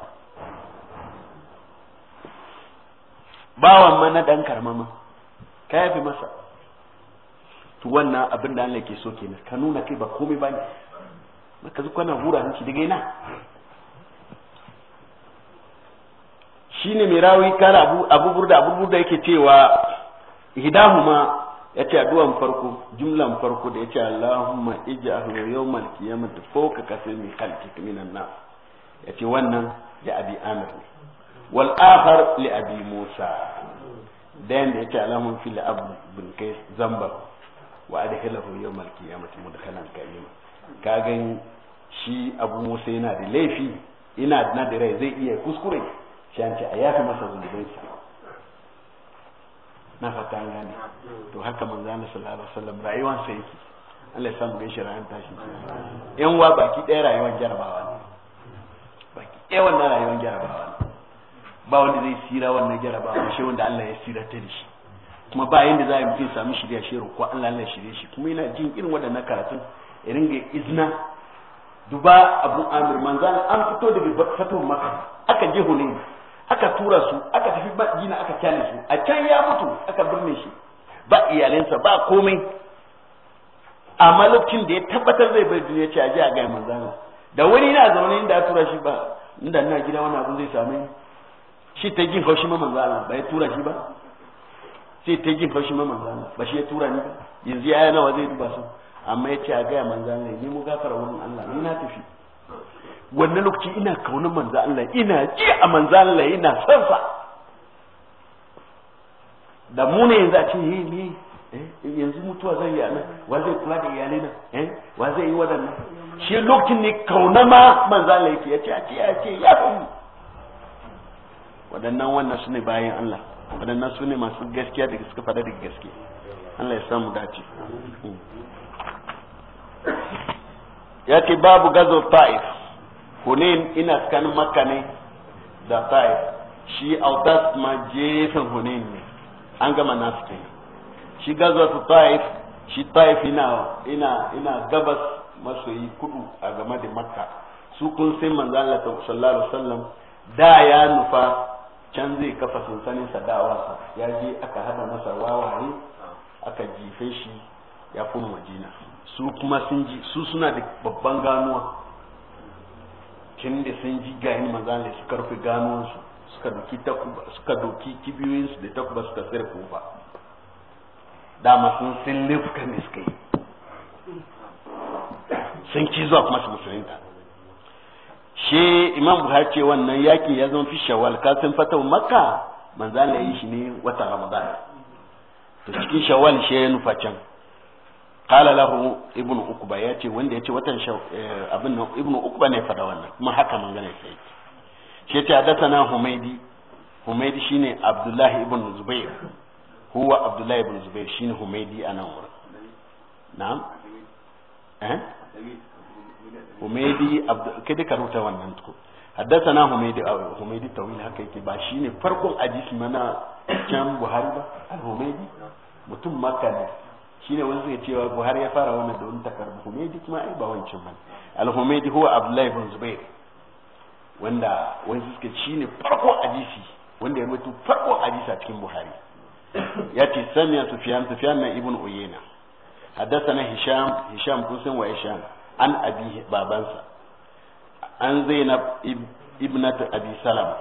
bawan ma na ɗan ma ka yafe masa to wannan abin da Allah ke so kenan ka nuna kai ba komai ba ne maka zuwa na hura hanci daga ina shine mai rawi kara abu burda abu burda yake cewa hidahuma ya ce addu'an farko jumlan farko da ya yace Allahumma ka yawmal qiyamati fawqa kasmi ta minan ya ce wannan ya abi amir ne wal akhar li abi musa dan da yace Allahumma fil abu bin kai zambar wa da ya adkhilahu yawmal kanan mudkhalan karima ka gani shi abu musa yana da laifi ina na da rai zai iya kuskure shi an ce a yafi masa zunubansa na fata gane to haka manzo Allah sallallahu alaihi wasallam rayuwar sa yake Allah ya samu gaishe rayuwar tashi yan wa baki ɗaya rayuwar jarabawa ne baki ɗaya wannan rayuwar jarabawa ne ba wanda zai sira wannan jarabawa shi wanda Allah ya sira ta da shi kuma ba yanda za a yi mutum samu shirya shi ko Allah Allah shirye shi kuma yana jin irin waɗannan karatun ya ringa izna duba abu amir manzan an fito daga fatuwar maka aka je hunayi aka tura su ba dina aka kyale shi, a can ya mutu aka birne shi ba iyalinsa ba komai amma lokacin da ya tabbatar zai bai duniya ce a ji a gaya manzana da wani na zaune inda a tura shi ba inda na gida wani abu zai same shi ta jin haushi ma manzana ba ya tura shi ba sai ta jin haushi ma manzana ba shi ya tura ni ba yanzu ya nawa zai duba su amma ya ce a gaya manzana ni mu gafara wurin Allah ni na tafi wannan lokaci ina kaunar manzo Allah ina ji a manzo Allah ina son sa da mu ne yanzu a ce yi ni eh, yanzu mutuwa zai yi anan wa zai kula da iyalai nan eh, wa zai yi waɗannan shi lokacin ne kauna ma manza laifi yake ce a ce ya ce ya fi waɗannan wannan su ne bayan Allah waɗannan su ne masu gaskiya da suka faɗa da gaskiya Allah ya samu dace ya ce babu gazo ta'if hunin ina tsakanin makka ne da ta'if shi autas ma jefin hunin. ne an gama nasu kenan shi gaza su taif shi taif ina ina ina gabas masoyi kudu a game da makka su kun sai manzo Allah sallallahu alaihi wasallam da ya nufa can zai kafa sansanin sadawarsa ya je aka hada masa wawaye aka jife shi ya fi madina su kuma sun ji su suna da babban ganuwa tun da sun ji gayin manzo Allah su karfi ganuwansu suka doki takuba doki su da takuba suka tsere kufa dama sun sun laifuka ne suka yi sun ci zuwa kuma su musulunta shi imam buhari ce wannan yaki ya zama fi shawal kasin fatan makka manzo Allah yi shi ne wata ramadan to cikin shawal shi ya nufa can kala lahu ibnu Ukuba ya ce wanda ya ce watan eh, abin nan ibnu ukuba ne fada wannan kuma haka mangana sai shi ce haddathana humaidi humaidi shine abdullahi ibn zubair huwa abdullahi ibn zubair shine humaidi a nan wurin na'am eh humaidi kai duka rubuta wannan tukun haddathana humaidi humaidi tawil haka yake ba shine farkon hadisi mana can buhari ba al-humaidi mutum maka ne shine wani zai cewa buhari ya fara wannan da wani takardu humaidi kuma ai ba wancan bane al-humaidi huwa abdullahi ibn zubair wanda wani suka ci ne farko hadisi wanda ya mutu farko hadisi a cikin buhari ya ce samiya sufiyan sufiyan na ibn uyena na hisham hisham kun san wa hisham an abi babansa an zainab ibnat abi salama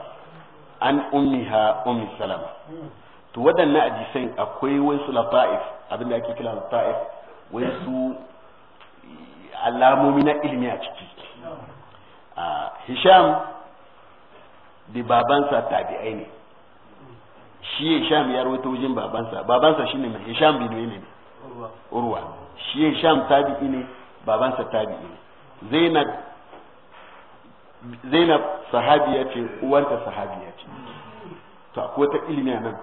an ummiha ummi salama to waɗannan hadisai akwai wasu lafa'if abinda ake kira lafa'if wasu alamomi na ilimi a ciki hisham da babansa tabi'ai ne shi hisham ya rawaito wajen babansa babansa shine mai hisham bin ne urwa shi hisham tabi'i ne babansa tabi'i ne zainab zainab sahabiya ce uwanta sahabiya ce to akwai ta ilimi nan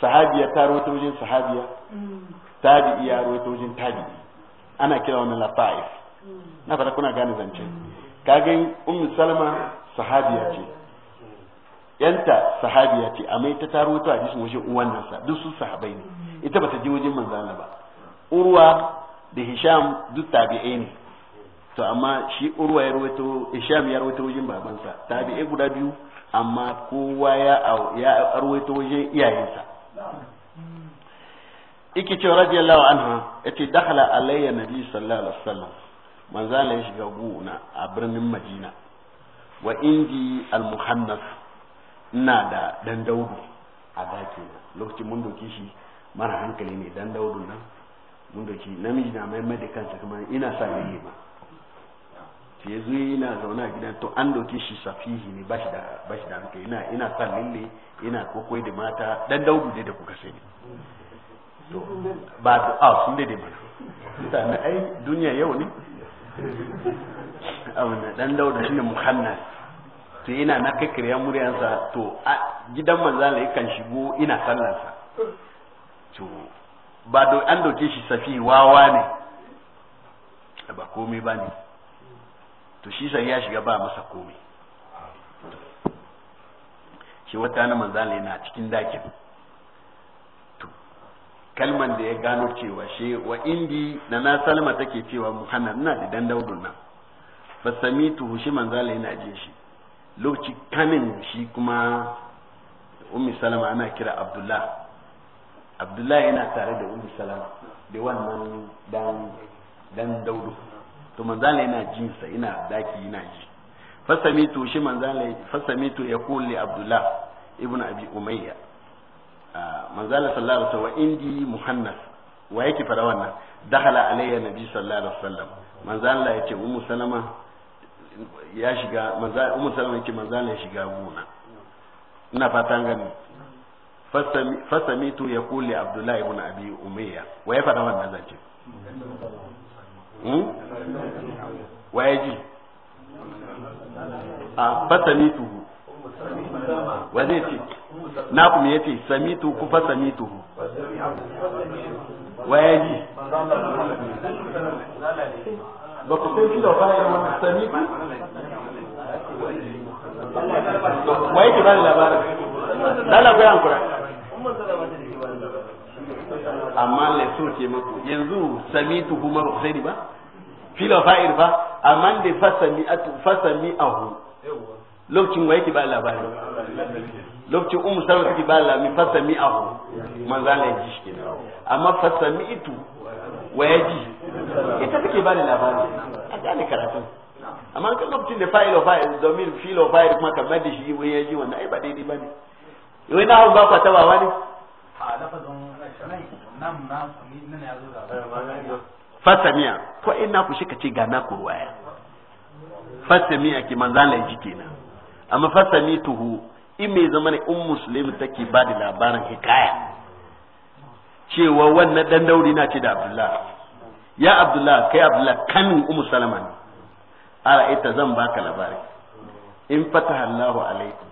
sahabiya ta rawaito wajen sahabiya tabi'i ya rawaito wajen tabi'i ana kira wannan lafa'if na fara kuna gane zancen kagan ummu salama sahabiya ce yanta sahabiya ce amma ita ta rawaito a jisun uwan nasa duk su sahabai ne ita bata je wajen manzo Allah ba urwa da hisham duk tabi'ai ne to amma shi urwa ya rawaito hisham ya rawaito wajen babansa tabi'i guda biyu amma kowa ya ya rawaito wajen iyayensa yake cewa radiyallahu anha yace dakhala alayya nabi sallallahu alaihi wasallam manzo Allah ya shiga a birnin Madina wa indi al muhannas ina da dan daudu a daki lokacin mun doki shi mara hankali ne dan daudu nan mun doki namiji na mai mai da kansa kamar ina sa yayi ba sai yazo ina zaune a gidan to an doki shi safihi ne bashi da bashi da hankali ina ina sa ne ina kokoi da mata dan daudu dai da kuka sani to ba da a sun dai mana mutane ai duniya yau ne abin dan dauda shine muhannas to ina na kai kiryan muryansa to a gidan manzala kan shigo ina sallansa to ba do an dauke shi safi wawa ne ba komai ba ne to shi san ya shiga ba masa komai shi wata na manzala yana cikin dakin kalman da ya gano cewa shi wa indi na na salma take cewa muhammad na da dan daudun nan fa samitu shi manzala yana jin shi lokaci kanin shi kuma ummi salama ana kira abdullah abdullah yana tare da ummi salama da wannan dan dan daudu to manzala yana jin sa ina daki yana ji fa samitu shi manzala fa samitu yaqul li abdullah ibnu abi umayya manzala sallallahu alaihi wa indi muhannas wa yake fara wannan dakhala alayya nabi sallallahu alaihi wasallam manzala yace ummu salama ya shiga manzala ummu salama yace manzala ya shiga gona ina fatan gani fasamitu ya kuli abdullahi ibn abi umayya wa ya fara wannan zance hmm? wa ya ji a ah, fasamitu wa zai ce na kuma yace samitu kufa samitu waye ji ba ku sai kilo ba ya wani samitu waye ki ba labarin lala ga yankura amma le so ce muku yanzu samitu kuma ba sai ba filo fa'ir ba amma da fasami atu fasami ahu lokacin waye ki ba labarin lokacin umu salma take ba lami mi ahu manzo Allah ya ji shi kenan amma mi itu wa ya ji ita take ba ni labari a gane karatu amma kan lokacin da fa'il of fa'il domin fil of fa'il kuma kamar da shi wani ya ji wannan ai ba daidai wai na ba ku ne a lafazin nan na nan ya zo da miya ko ina ku shi kace ga na ku ruwaya fasamiya ki manzo ya ji kenan amma mi tuhu in mai zama ne in musulmi take ba da labarin hikaya cewa wannan dan dauri na ce da abdullah ya abdullah kai abdullah kanin ummu salama ne ara ita zan baka labari in fataha allahu alaikum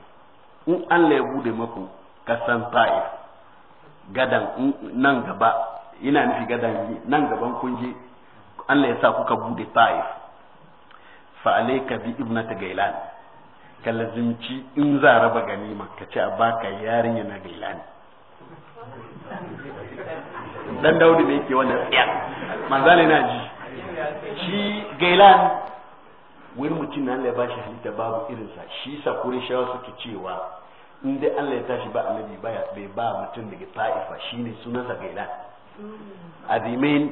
in allah ya bude maku kasan ta'if gadan nan gaba ina nufi gadan nan gaban kunje allah ya sa kuka bude ta'if fa alayka bi ibnata gailan ka lazimci in za raba ganima ka ce a baka yarinya na gailani dan daudi ne yake wannan tsiya manzali na ji shi gailan wani mutum na Allah ya bashi halitta babu irinsa shi sa shawa suke cewa in dai Allah ya tashi ba annabi ba bai ba mutum daga ta'ifa shine sunansa gailan azimin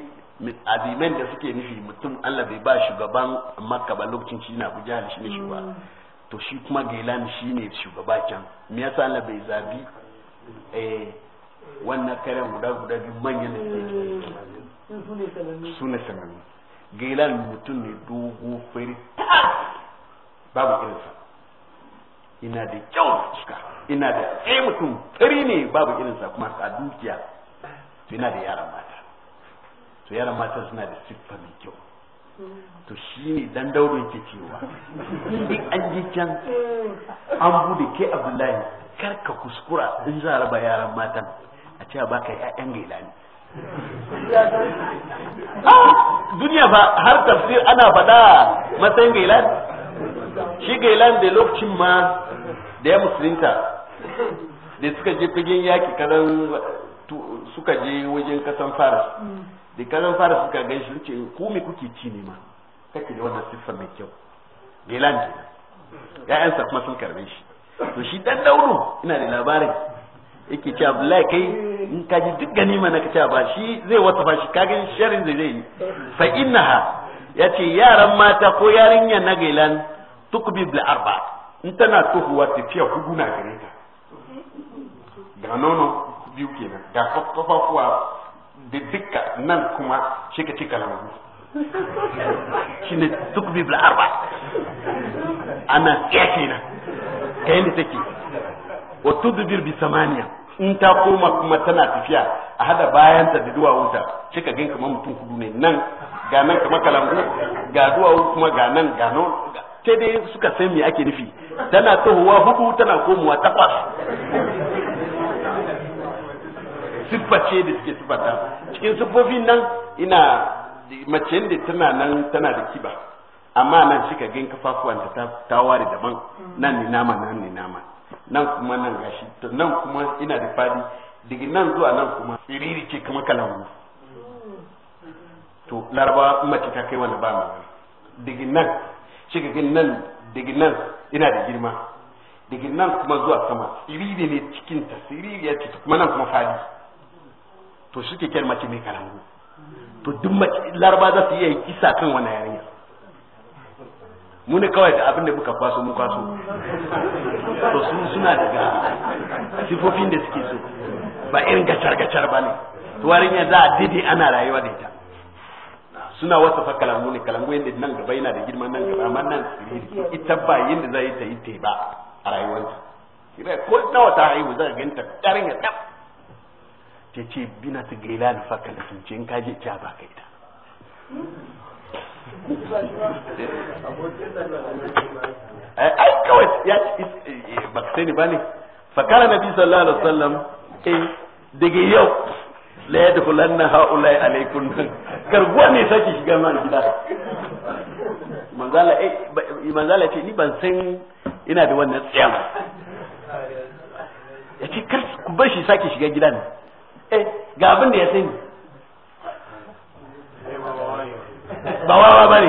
azimin da suke nufi mutum Allah bai ba shugaban Makka ba lokacin shi na Abuja shi ne shugaba to shi kuma gailan shi ne shugaba can me yasa Allah bai zabi eh wannan karen guda guda bi manyan da yake su ne sanannu gailan mutum ne dogo fari babu irinsa ina da kyau suka ina da tsaye mutum fari ne babu irinsa kuma a dukiya ina da yaran mata to yaran mata suna da siffa mai kyau to shi ne dan daurin ke cewa ni an ji can an bude ke abdullahi kar ka kuskura in za raba yaran matan a cewa ba ka ƴaƴan ilani ah, duniya ba har tafsir ana faɗa matsayin gailan shi gailan da lokacin ma da ya musulunta da suka je fagen yaki kadan suka je wajen kasan faras da fara suka gan shi ce ku me kuke ci ne ma kake da wannan siffar mai kyau gelan kenan ya'yansa kuma sun karbe shi to shi dan daudu ina da labarin yake ce abdullahi kai in ka ji duk gani mana ka ce ba shi zai wata ba shi ka gan sharin da zai yi fa innaha yace yaran mata ko yarinya na gailan tukubi bil arba in tana tuhuwa ta hudu na gare ta ga nono biyu kenan ga kafafuwa da dukka nan kuma shi ka ci kalamu shi ne duk bibla arba ana tsiya kenan ka yadda take wa tudbir bi samaniya in ta koma kuma tana tafiya a hada ta da ta shi ka ganka mutum kudu ne nan ga nan kama kalamu ga duwawu kuma ga nan ga nan sai dai suka san me ake nufi tana tohuwa huku tana komowa takwas sifface da suke siffata cikin siffofin nan ina mace da tana nan tana da kiba amma nan shi ka gan kafafuwan ta ta ware daban nan ni nama nan ni nama nan kuma nan gashi nan kuma ina da fadi daga nan zuwa nan kuma iriri ce kamar kalamu to laraba mace ta kai wani ba ma daga nan shi ka gan nan daga nan ina da girma daga nan kuma zuwa sama iriri ne cikin cikinta ya ce kuma nan kuma fadi to suke kyar mace mai karamu to duk mace laraba za su iya kisa kan wani yarinya mu ne kawai da abin da muka kwaso mu kwaso to su suna daga sifofin da suke so ba irin gacar gacar ba ne to yarinya za a daidai ana rayuwa da ita suna wasu kalangu ne kalangu yadda nan gaba yana da girman nan gaba amma nan ita ba yadda za yi ta yi ta ba a rayuwarta ko nawa ta haihu za a ganta yarinya dab ta ce bina ta gaila na faka da sun ce in kaje ja ba ka ita eh, ai kawai ya eh, eh, ba ka sani ba ne fakara nabi sallallahu alaihi sallam eh daga yau la yadkhulanna haula'i alaikum karguwa ne sake shiga man gida manzala ce ni ban san ina da wannan tsayan ya ce kar ku bar shi sake shiga gida ne. eh ga abin da ya sani ba wawa ba ne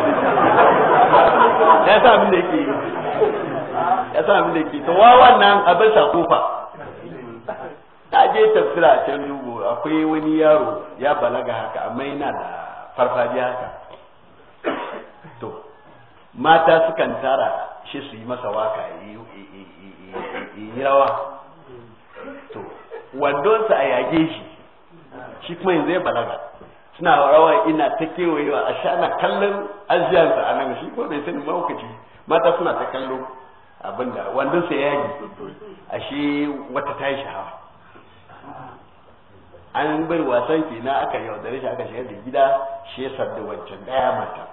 ya sa abin da yake yi ya sa abin da yake to wawa nan abin sa kofa ta je tafsira a can dubu akwai wani yaro ya balaga haka amma yana da farfajiya haka to mata sukan tara shi su yi masa waka yi rawa to wandonsa a yage shi shi kuma yanzu ya balaga suna rawa ina ta kewayewa a sha na kallon ajiyansa a nan shi ko bai sani maukaci mata suna ta kallo abinda wandon sa yagi a shi wata ta yi sha'awa an bai wasan kenan aka yaudare shi aka shiga da gida shi ya sadda wancan daya mata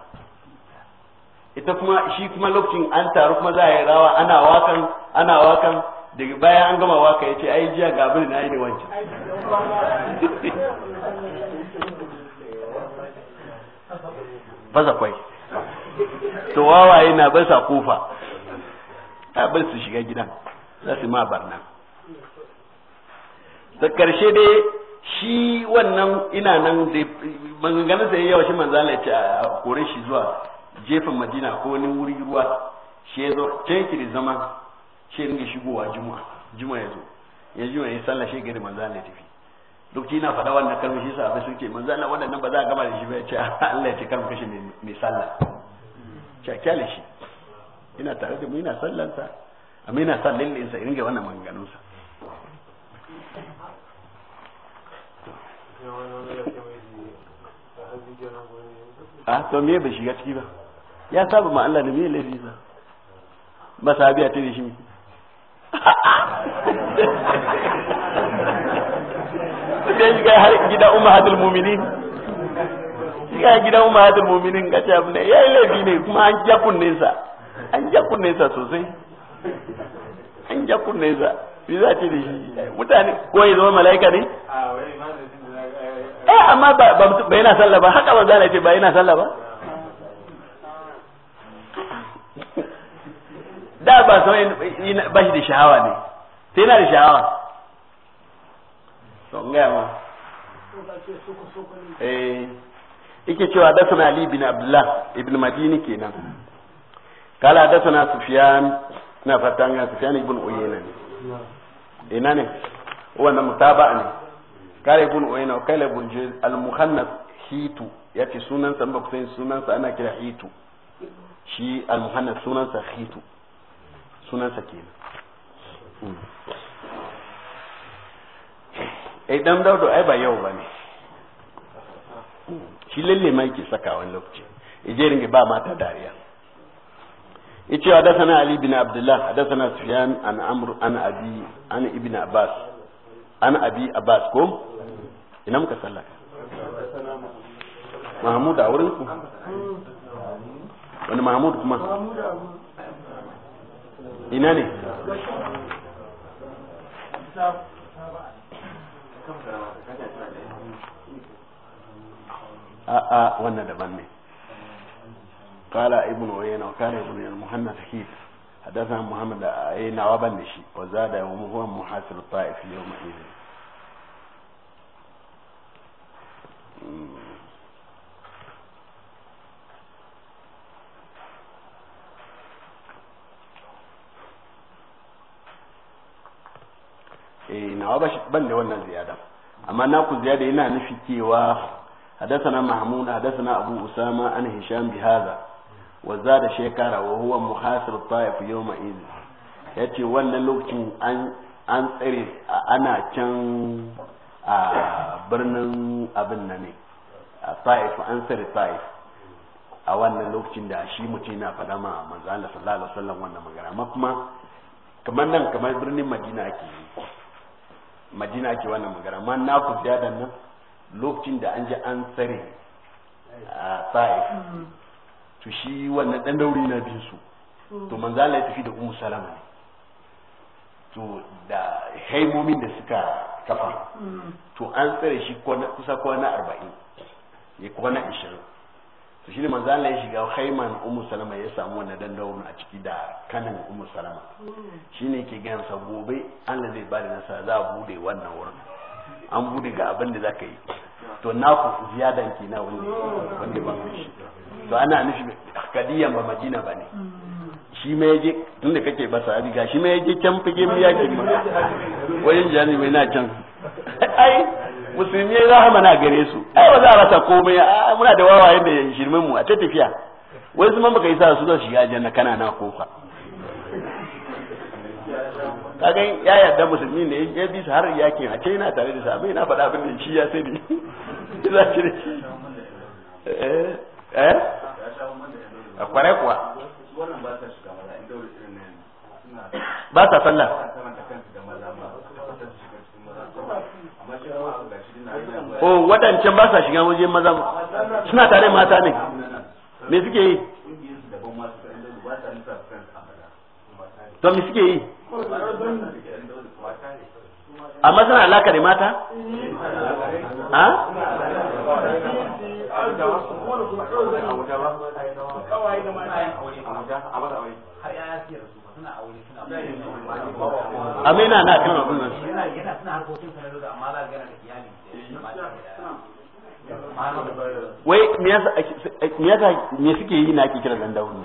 ita kuma shi kuma lokacin an taru kuma za a yi rawa ana wakan ana wakan daga bayan an gama waka ya ce ai jiya ga abin na yi da wancan baza kwai to wawaye na basa kofa a bar su shiga gidan za su ma barna da karshe dai shi wannan ina nan da maganganun sai yawa shi manzala ya ce a kore shi zuwa jefin madina ko wani wuri ruwa shi ya zo cikin zama shi ringa shigowa juma'a juma'a ya zo ya ji ya sallah shi gari manzo Allah ya tafi lokaci na faɗa wannan kalmar shi sahabbai sun ce manzo Allah waɗannan ba za a gama da shi ba ya ce Allah ya ce kar mu kashe mai sallah ce shi ina tare da mu ina sallansa amma ina sallin da insa ringa wannan maganganun sa a to me bai shiga ciki ba ya saba ma Allah ne me laifi ba ba sahabiya ta da shi sai yi shiga har gida umar hadul mumini shiga gida umar hadul mumini ga abu ne ya yi laifi ne kuma an ja sa an ja sa sosai an ja sa bi za ce da shi mutane ko ya zama mala'ika ne eh amma ba yana sallah ba haka ba za ce ba yana sallah ba da ba san ba shi da shahawa ne sai yana da shahawa to ga ma eh yake cewa da sana ali bin abdullah ibn madini kenan kala da sana sufyan na fatan ga sufyan ibn uyayna ne ina ne wannan mutaba'a ne kala ibn uyayna kala ibn al-muhannas hitu yace sunan sa ba kusan sunan sa ana kira hitu shi al-muhannas sunan sa hitu sunansa kenan mm. eh dan daudu ai ba yau bane mm. shi lalle ma yake saka wani lokaci je ringa ba mata dariya yace hadathana ali bin abdullah hadathana sufyan an amru an abi an ibn abbas an abi abbas ko ina muka sallaka mahmud a wurin ku wani mahmud kuma mahmud ina ne a wannan daban ne kala ibn wayna wa kala ibn al-muhanna sahih muhammad eh, shi wa zada wa huwa muhasib taif yawma idin hmm. eh nawa ba ban da wannan ziyada amma na ku ziyada yana nufi cewa hadathana mahmud hadathana abu usama an hisham bi hadha wa zada shekara wa huwa muhasir taif yawma iz yace wannan lokacin an an tsare ana can a birnin abin nan ne a taif an tsare taif a wannan lokacin da shi mutum na faɗa ma manzo Allah sallallahu alaihi wasallam wannan magana amma kuma kamar nan kamar birnin Madina ake yi madina ke wannan magana amma na ku da nan lokacin da an ji an tsare a to shi wannan dan dauri na bin su to manzo Allah ya tafi da ummu salama ne to da haimomin da suka kafa mm. to an tsare shi kusa kwana arba'in ne kwana ashirin to shine manzo Allah ya shiga haiman ummu salama ya samu wannan dandawon a ciki da kanin ummu salama shine ke ga sa gobe Allah zai bada nasara za a bude wannan wurin an bude ga abin da zaka yi to ku ziyadan ki na wanda wanda ba shi to ana nufi kadiya ba madina bane shi ma yaje tun da kake ba sa ga shi ma yaje can fige mu yaki ma wajen jani mai na can ai musulmi ya rahama mana gare su ai ba za a rasa komai a muna da wawaye da shirmin mu a ta tafiya wai su man baka isa su za su shiga janna kana na kofa kaga ya yarda musulmi ne ya bi su har yakin a ce yana tare da sa sabai na faɗa abin da shi ya sani za shi da shi eh eh a kware kuwa ba ta sallah o waɗancan ba sa shiga waje maza ba suna tare mata ne me suke yi to me suke yi amma suna alaka da mata ha amina na kan abin nan wai me yasa me suke yi na ake kira dan dauri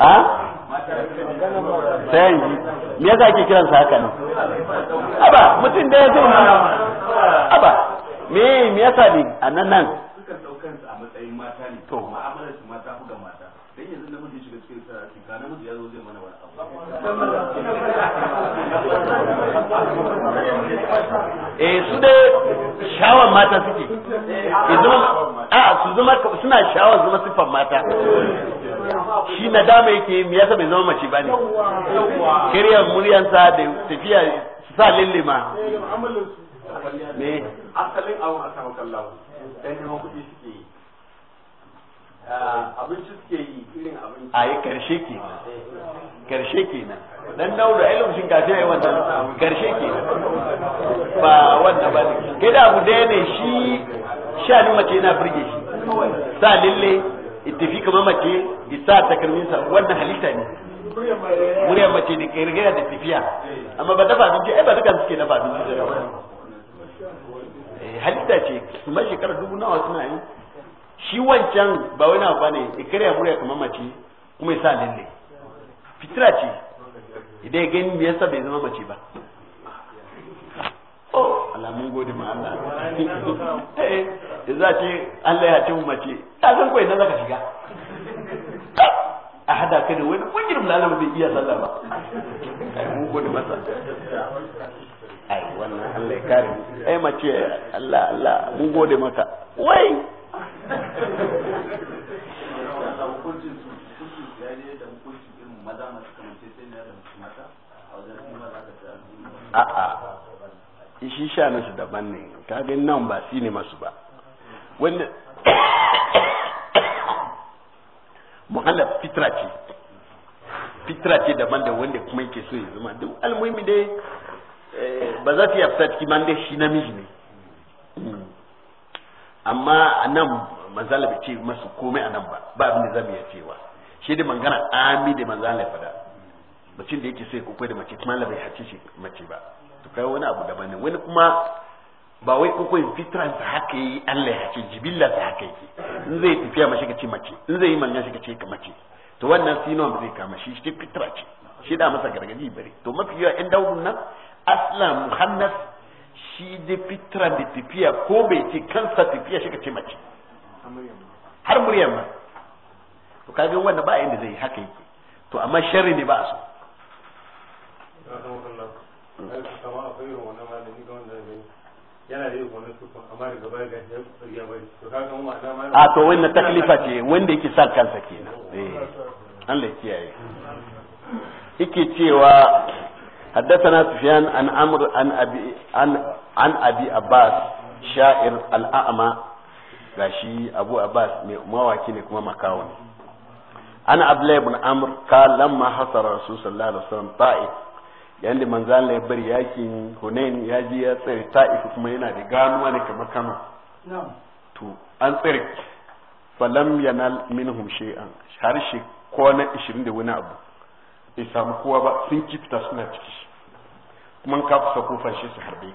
a sai me yasa ake kiran sa haka ne aba mutun da yake ne aba me me yasa ne a matsayin mata ne to ma'amalar su mata ku ga mata dan yanzu namiji shiga cikin sa kika namiji ya zo zai mana wani abu eh su da shawar mata suke a su zama suna shawar zama siffar mata shi na dama yake mu yasa bai zama mace ba ne kiryar muryansa da tafiya su sa lille lillima eh, me asalin awon asalin kallawo dan neman kuɗi suke yi abinci suke yi irin abinci a yi karshe ke karshe ke nan dan daura ai lokacin kafi ai wannan karshe ke ba wannan ba kai da abu da ne shi shani mace yana burge shi sa lalle tafi kamar mace sa isa sa wannan halitta ne murya mace ne rigaya da tafiya amma ba dafa abinci ai ba dukan suke dafa abinci da eh, halitta ce kuma shekara dubu nawa suna yi shi wancan ba wani abu ne ya karya murya kamar mace kuma ya sa lalle fitira ce idan ya gani me yasa bai zama mace ba oh alamun mun gode ma Allah eh za ce Allah ya ce mu mace ta san koyi na zaka shiga a hada ka da wani kungiyar lalama bai iya sallah ba ai mun gode masa ai wannan Allah ya kare ai mace Allah Allah mu gode maka wai a'a shi sha nasu daban ne ta nan ba shi ne masu ba wanda muhallab fitra ce fitra ce daban da wanda kuma yake so ya zama duk almuhimmi dai eh, ba za su yi fita ciki ma dai shi namiji ne amma a nan manzala bai ce masu komai a nan ba ba abin da zamu iya cewa shi da mangana ami da manzala fada mace da yake sai kokwai da mace kuma bai hace shi mace ba to kai wani abu daban ne wani kuma ba wai kokwai fitran ta haka yi Allah ya hace jibilla ta haka yake in zai tafiya mashi ka ce mace in zai yi manya shi ka ce ka mace to wannan sinon zai kama shi shi fitra ce shi da masa gargaji bare to mafi yawa ɗan daudun nan aslam muhannas shi da fitra da tafiya ko bai ce kansa tafiya shi ka ce mace har muryan ma to kage wanda ba inda zai haka yake to amma sharri ne ba a so a to wannan taklifa ce wanda yake sa kansa kenan eh Allah ya kiyaye yake cewa حدثنا سفيان عن عمرو عن ابي عن عن ابي عباس شاعر الاعمى gashi abu abbas mai mawaki ne kuma makawo ne an abdullahi ibn amr ka lamma hasara صلى الله عليه وسلم طائف yanda manzan ya bari yakin hunain ya je ya tsare ta'if kuma yana da ganuwa ne kamar kano to an tsare falam yanal minhum shay'an har shi ko na 20 da wani abu bai samu kowa ba sun kifta suna ciki kuma ka kusa kofar shi su harbe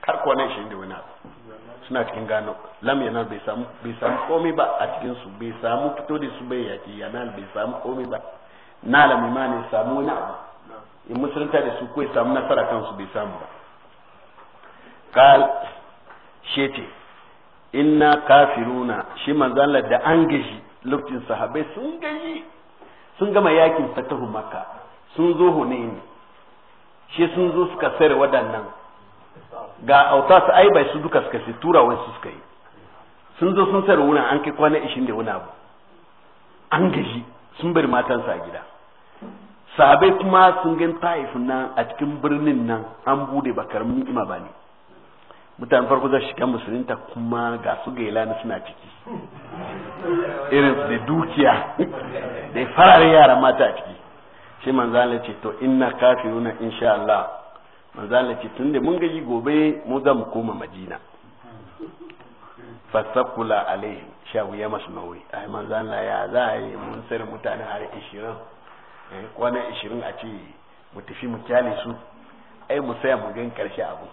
ka har kuwa nan shi da wani abu suna cikin gano lam yanar bai samu bai samu komai ba a cikin su bai samu fito da su bai yaki yanar bai samu komai ba na lami ma ne samu wani abu in musulunta da su kawai samu nasara kansu bai samu ba kal shete inna kafiruna shi manzalar da an gaji lokacin sahabai sun gaji sun gama yakin fatahu makka sun zo hunain shi sun zo suka sayar waɗannan ga auta su ai bai su duka suka su tura wasu suka yi sun zo sun sayar wurin an kai kwana ishirin da wani abu an gaji sun bari matansa a gida sahabai kuma sun gan ta'ifin nan a cikin birnin nan an bude ba karamin ni'ima ba ne mutanen farko za shiga musulunta kuma ga su ilani suna ciki irin da dukiya da farare yara mata a ciki shi manzala ce to inna kafiruna insha Allah manzala ce tunda mun gaji gobe mu za mu koma Madina fasakula alai sha wuya masu nauyi ai manzala ya za a yi mun sani mutane har 20 eh, kwana 20 a ce mu tafi mu kyale su ai mu saya mu gan karshe abu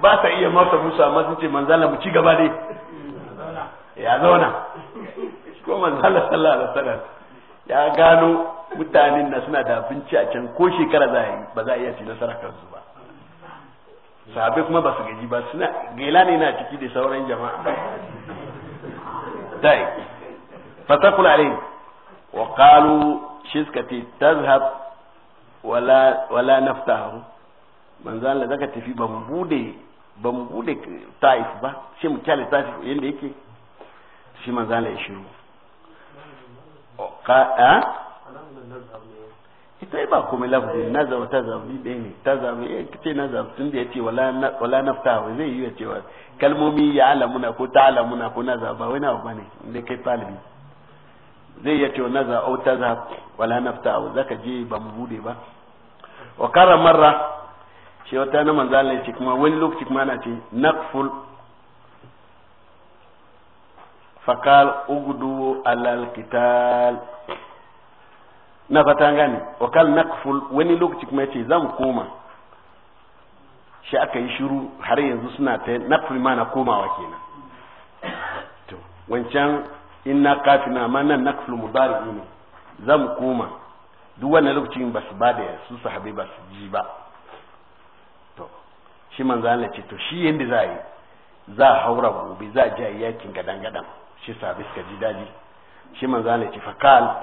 ba ta iya masa musa amma sun ce manzala mu ci gaba ne ya zauna ko manzala sallallahu alaihi wasallam ya gano mutanen na suna da abinci a can ko shekara za yi ba za a iya ci nasara kansu ba sahabe kuma ba su gaji ba suna gaila ne na ciki da sauran jama'a dai fatakul alayhi wa qalu shi suka tazhab wala wala naftahu manzo Allah zaka tafi ban bude ban bude taif ba shi mu kyale taif yanda yake shi manzo Allah ya shiru oh, ka a ita ba komai lafzi nazar ta zabi ɗaya ne ta zabi eh kace nazar tun da yace wala wala naftahu zai yi ya cewa kalmomi ya alamuna ko ta alamuna ko nazar ba wani abu bane inda kai talibi zai ya ce naza au za wala nafta au zaka je ba mu bude ba wa kara marra shi wata na manzo Allah ce kuma wani lokaci kuma ana ce naqful fakal ugdu alal alqital na fata gani wa kal naqful wani lokaci kuma yace zan koma shi aka yi shiru har yanzu suna ta naqful mana komawa kenan to wancan inna kafina amma nan nakful mudari ne zan koma duk wannan lokacin ba su ba su sahabi ba su ji ba to shi manzo Allah ce to shi yanda za yi za a haura gobe za a ji yakin gadan gadan shi sahabi suka ji daji shi manzo Allah ce fakal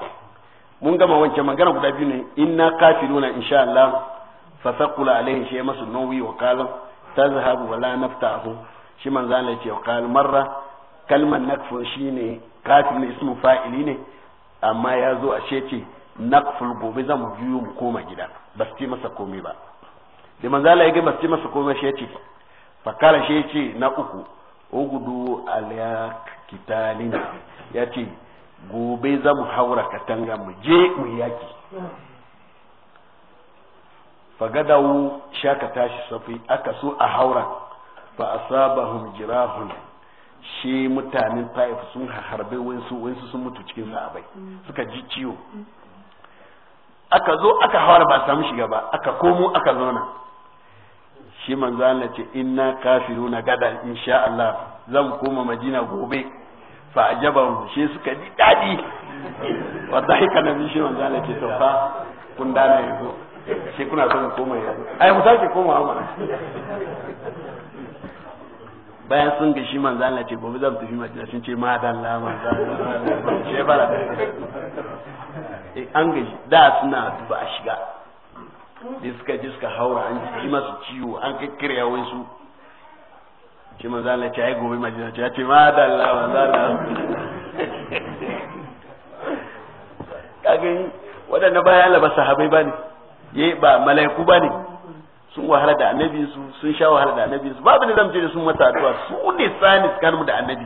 mun gama wancan magana guda biyu ne inna kafiruna insha Allah saqula alaihi shi masu nawi wa qalan tazhabu wala naftahu shi manzo Allah ce wa qal marra kalman nakfu shine kafin ne ismu fa'ili ne amma ya zo a ce naqful gobe zan juyo mu koma gida ba su ce masa komai ba da manzala ya ga ba su ce masa komai shi fakala shi na uku ugudu aliya kitalin ya ce gobe za haura katanga mu je mu yaki fagadawu shaka tashi safi aka so a haura fa asabahum jirahun shi mutanen taif sun harbe wansu wansu sun mutu cikin sahabai suka ji ciwo aka zo aka hawar ba samu shiga ba aka komo aka zauna shi manzo Allah ce inna kafiruna gada insha Allah zan koma Madina gobe fa mu shi suka ji dadi wallahi kana bi shi manzo Allah ce to fa kun dana yanzu shi kuna son koma yanzu ai mu sake koma mana bayan sun gashi manzo Allah ce gobe zan tafi Madina sun ce la manzo shebara eh an gashi da suna duba a shiga da suka ji suka haura an ji masu ciwo an kakkirya wai su ce manzo Allah ce ai gobe Madina ce ya ce la manzo Allah kaga wadannan bayan Allah ba sahabbai bane ye ba malaiku bane sun wahala da annabi sun sha wahala da annabi su babu da zamce da sun mata addu'a su ne sani kan mu da annabi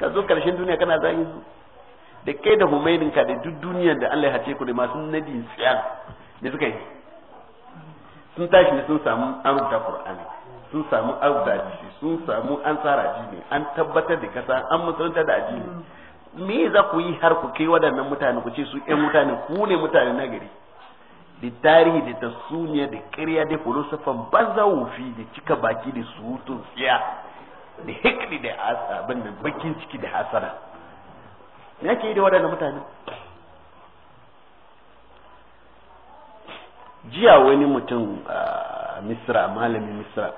ka zo karshen duniya kana zagi su da kai da humainin ka da duk duniyar da Allah ya hace ku da masu nadi tsaya da suka yi sun tashi ne sun samu an Qur'ani sun samu an sun samu an tsara ne an tabbatar da kasa an musulunta da addini me za ku yi har ku kai waɗannan mutane ku ce su ƴan mutane ku ne mutane na gari da tarihi da tasuniya da kirya da filosofan banza wofi da cika baki da surutun tsiya da hikri da abin da bakin ciki da hasara me yake yi da waɗannan mutane jiya wani mutum a misra malamin misra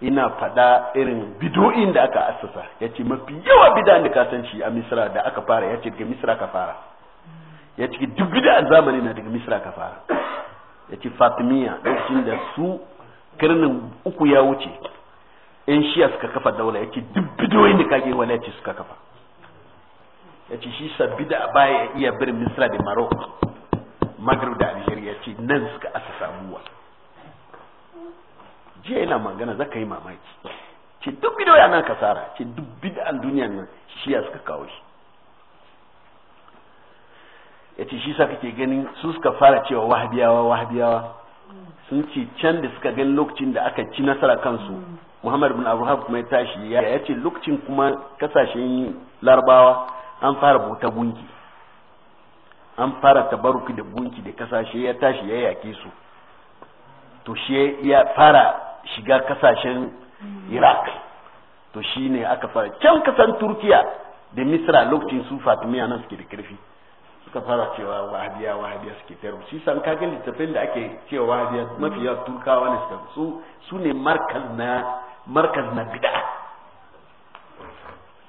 ina faɗa irin bidoin da aka asasa, ya ce mafi yawa bidan da kasanci a misra da aka fara ya ce daga misra ka fara ya ce duk a zamani na daga misra ka fara ya ce fatimiyya lokacin da su karnin uku ya wuce in shiya suka kafa daula ya ce duk bidoyin da kage ya ce suka kafa ya ce shi sabbi da baya iya birnin misra da maroc maghrib da algeria ya ce nan suka asa samuwa jiya yana magana za ka yi mamaki ce duk bidoyi nan kasara ce duk bid'an duniya nan shiya suka kawo shi yace shi sa kake ganin su suka fara cewa wahabiyawa wahabiyawa sun ce can da suka gani lokacin da aka ci nasara kansu Muhammad bin Abu kuma ya tashi ya ce lokacin kuma kasashen Larabawa an fara bauta gunki an fara tabaruki da gunki da kasashe ya tashi ya yake su to shi ya fara shiga kasashen Iraq to shi ne aka fara can kasan Turkiya da Misra lokacin su Fatimiyya nan suke da karfi suka fara cewa wahabiya wahabiya suke tayar shi san ga littafin da ake cewa wahabiya mafi yawa turkawa ne suka su su ne markaz na markaz na bid'a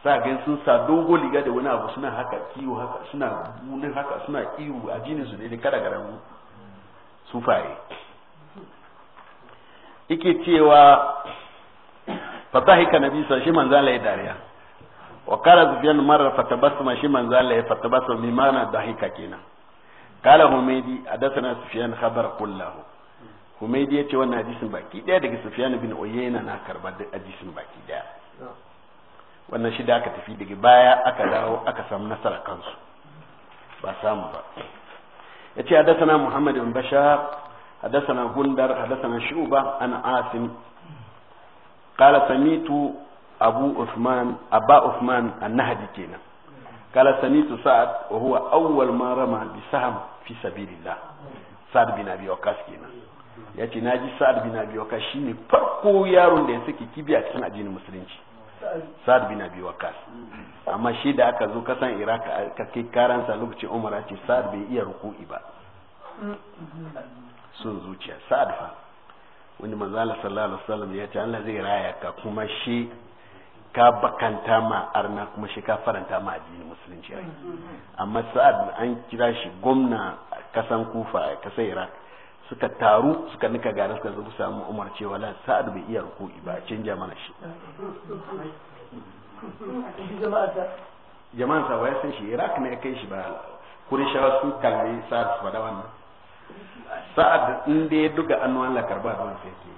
sa ga sun sa dogo liga da wani abu suna haka kiwo haka suna bunin haka suna iwu a jinin su ne da kada su sufaye yake cewa fatahika nabi sallallahu alaihi wasallam manzo Allah ya dariya wa kala sufyan marra fatabassama shi manzo Allah ya fatabassama bi mana dahika kenan kala humaydi hadathana sufyan khabar kullahu ya ce wannan hadisin baki daya daga sufyan bin uyayna na karba da hadisin baki daya wannan shida aka tafi daga baya aka dawo aka samu nasara kansu ba samu ba Ya ce yace hadathana muhammad bin bashar hadathana gundar hadathana shuba ana Asin. Kala Samitu. abu usman abba usman annahdi kenan kala sanitu sa'ad wa huwa awwal ma rama bi saham fi sabilillah sa'ad bin abi waqas kenan yace naji sa'ad bin abi waqas shine farko yaron da ya saki kibiya cikin addinin musulunci sa'ad bin abi waqas amma shi da aka zo kasan iraq ka kai karansa lokacin umara ce sa'ad bai iya ruku'i ba sun zuciya sa'ad fa wani manzala sallallahu alaihi wasallam ya ce Allah zai raya ka kuma shi ka bakanta ma arna kuma shi ka faranta ma addinin musulunci rai amma sa'ad an kira shi gwamna kasan kufa a kasar iraq suka taru suka nika garin suka zubu samu umar cewa la sa'ad bai iya ruku'i ba canja mana shi jama'an sa ya san shi iraq ne ya kai shi ba kurishawa sun kalli sa'ad su faɗa wannan sa'ad in da ya duka annuwan lakarba karba da wani sai ke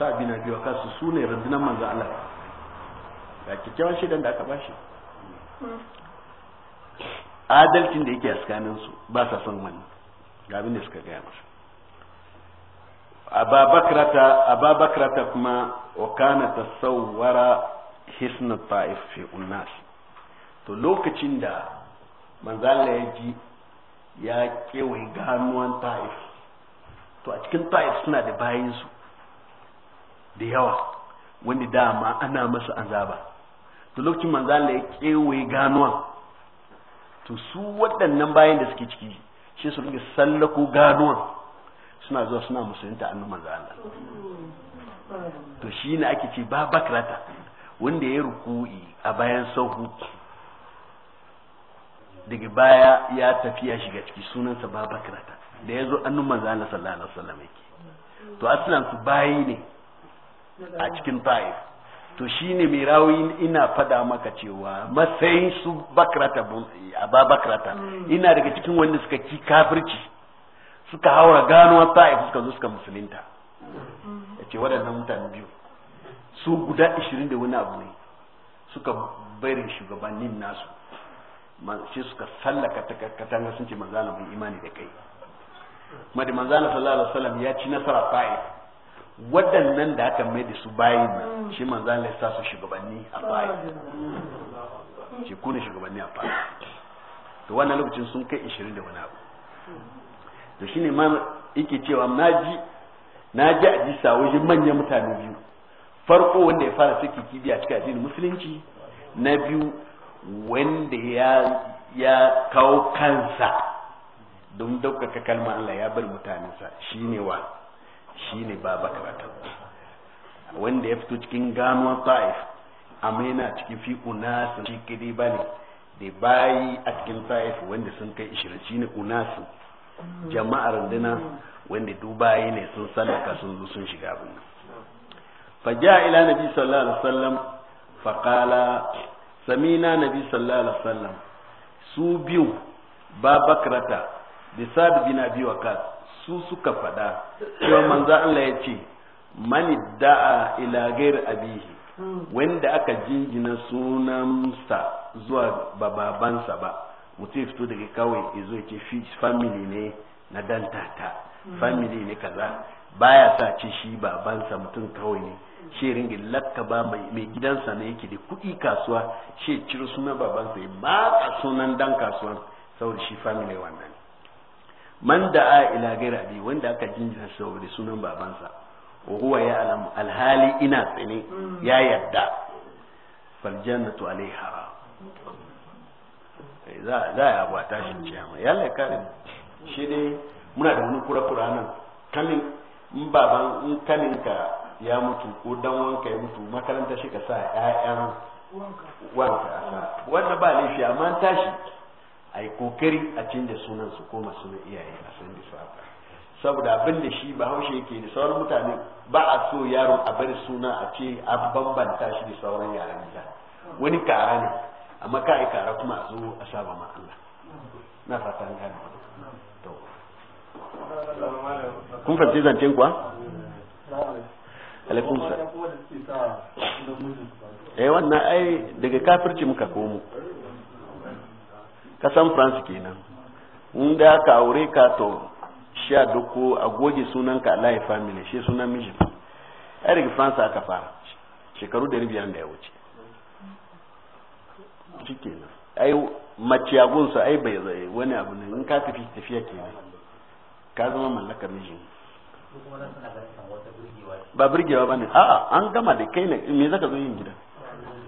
sa'ad bin abi kasu su ne rundunar manzo Allah ga kyakkyawan shaidan da aka bashi adalcin da yake a su ba sa son wani ga abin da suka gaya masa ababakrata kuma wa ta sauwara hisna ta'if fi unnas to lokacin da manzala ya ji ya kewaye ganuwan ta'if to a cikin ta'if suna da bayansu da yawa wani dama ana masa azaba to lokacin manzo Allah ya kewaye ganuwa to su waɗannan bayan da suke ciki shi su ringa sallako ganuwa suna zuwa suna musulunta annu manzo Allah to shi ne ake ce ba bakrata wanda ya ruku'i a bayan sauku daga baya ya tafiya shiga ciki sunansa ba bakrata da ya zo annu manzo Allah sallallahu alaihi wasallam yake to aslan su bayi ne a cikin ta'if to shine mai rawi ina fada maka cewa matsayin su bakrata bunsi a ba bakrata mm. ina daga cikin wanda suka ki kafirci suka haura gano ta'if suka zuwa suka musulinta mm. ya ce waɗannan mutane biyu su guda ishirin da wani abu ne suka bari shugabannin nasu sai suka sallaka katanga sun ce manzana mun imani da kai madi manzana sallallahu alaihi wasallam ya ci nasara ta'if waɗannan da aka mai da su bayin nan mm. shi manzo Allah ya sa su shugabanni a baya shi kuna shugabanni a baya to wannan lokacin sun kai 20 da wani abu to shine ma yake cewa naji naji a jisa wajen manyan mutane biyu farko wanda ya fara saki kibi a cikin addinin musulunci na biyu wanda ya ya kawo kansa don daukaka kalmar Allah ya bar mutanensa shine wa Shi ne ba bakaratan wanda ya fito cikin gano ta'if amma yana cikin fi unasin shi kidi ba ne da bayi a cikin ta'if wanda sun kai ishirin ne unasin jama'ar dina wanda dubayi ne sun sallaka sun zo sun shiga abin nan fa ja ila nabi sallallahu alaihi wasallam fa qala samina nabi sallallahu alaihi wasallam su biyu ba bakrata sabi bin abi waqas su suka faɗa cewa manzo Allah ya ce mani da'a ila gair abihi wanda aka jingina sunansa zuwa babansa ba mutum fito daga kawai ya zo ce family ne na dantata family ne kaza baya sa ce shi babansa mutum kawai ne shi ringin lakka ba mai gidansa ne yake da kuɗi kasuwa shi ciro sunan babansa ya ba sunan dan kasuwan saboda shi family wannan man a ila gaira bi wanda aka jinjina saboda sunan babansa huwa ya alam alhali ina tsine ya yadda fal jannatu alaiha eh, za za ya ba ta shi ciyama yalla ya kare shi dai muna da wani kura-kura nan kamin in baban in kamin ka ya mutu ko dan wanka ya mutu makaranta shi ka sa 'ya'yan wanka a wanda ba laifi amma tashi a yi kokari a canja sunan su koma sunan iyaye a san da su haka saboda abin da shi bahaushe yake da sauran mutane ba a so yaron a bari suna a ce a bambanta shi da sauran yaran gida wani kara ne amma ka yi kara kuma a zo a saba ma Allah na fata an gane to kun fahimci zancen kuwa alaikum sa eh wannan ai daga kafirci muka komo kasan france kenan in da ka aure ka to sha doko a goge sunan ka ya family shi sunan mijin ya rigi france aka fara shekaru da biyar da ya wuce shi kenan ai maciyagun a ai bai zai wani abu ne in ka tafi tafiya kenan ka zama mallakar miji ba burgewa ba ne a'a an gama da kai ne me zaka zo yin gida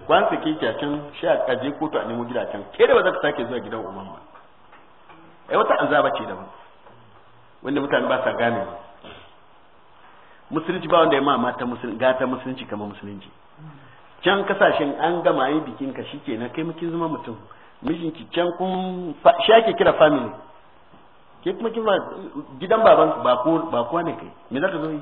kwan sake ki a can shi a kaje kotu a nemo gida can ke da ba za ka sake zuwa gidan umman ba ai wata azaba ce daban wanda mutane ba sa gane musulunci ba wanda ya ma mata gata musulunci kamar musulunci can kasashen an gama yi bikin ka shike na kai mukin zama mutum mijinki can kun shi ake kira family ke kuma kin gidan baban ba ko ba ko ne kai me ka zo yi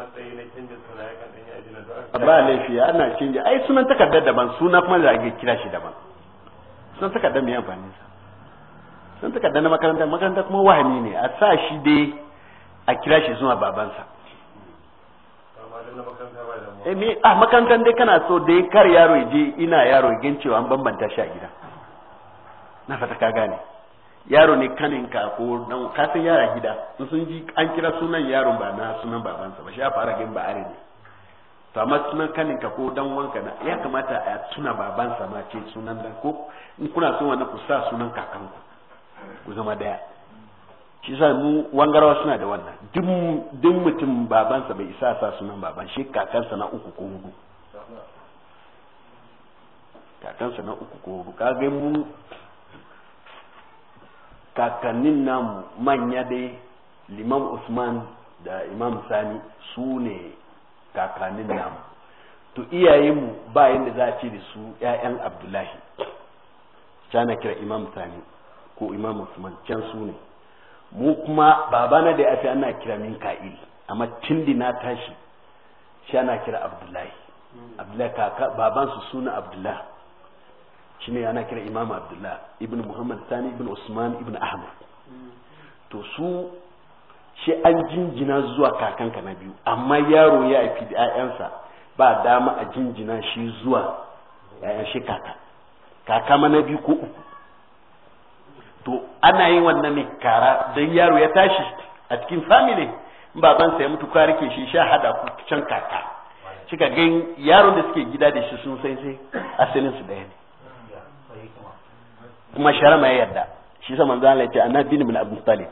matsayi na canja suna ya kan da ba laifi ana canja ai sunan takardar daban suna kuma da ake kira shi daban sunan takardar mai amfani sa sunan takardar na makaranta makaranta kuma wahani ne a sa shi dai a kira shi suna babansa eh a ah, makarantar dai kana so dai kar yaro je ina yaro ya cewa an bambanta shi a gida na fata ka gane yaro ne kanin ka ko dan ka san yara gida in sun ji an kira sunan yaron ba na sunan babansa ba shi ya fara gin ba are ne to amma sunan kanin ka ko dan wanka na ya kamata a tuna babansa ma ce sunan dan ko in kuna son wannan ku sa sunan kakanku ku zama daya shi sa mu wangarawa suna da wannan duk mutum babansa bai isa sa sunan baban shi kakansa na uku ko hudu kakansa na uku ko hudu ga mu kakannin namu manya dai limam usman da imam sani su ne kakannin namu to iyayenmu ba yadda za a ce da su 'ya'yan abdullahi na kira imam sani ko imam usman can su ne mu kuma babana da ya ana kira min ka'il amma cindi na tashi shi ana kira abdullahi hmm. abdullahi kaka babansu suna abdullahi shine yana kira imam abdullah ibn muhammad sani ibn usman ibn ahmad to su shi an jinjina zuwa kakanka na biyu amma yaro ya haifi da 'ya'yansa ba dama a jinjina shi zuwa 'ya'yan shi kaka kaka na biyu ko uku to ana yin wannan ne kara don yaro ya tashi a cikin family babansa ya mutu ka rike shi sha hada ku can kaka Shi ka ga yaron da suke gida da shi sun sai sai asalin su daya ne kuma sharama ya yarda shi sa manzo Allah ya ce ana bin min abu talib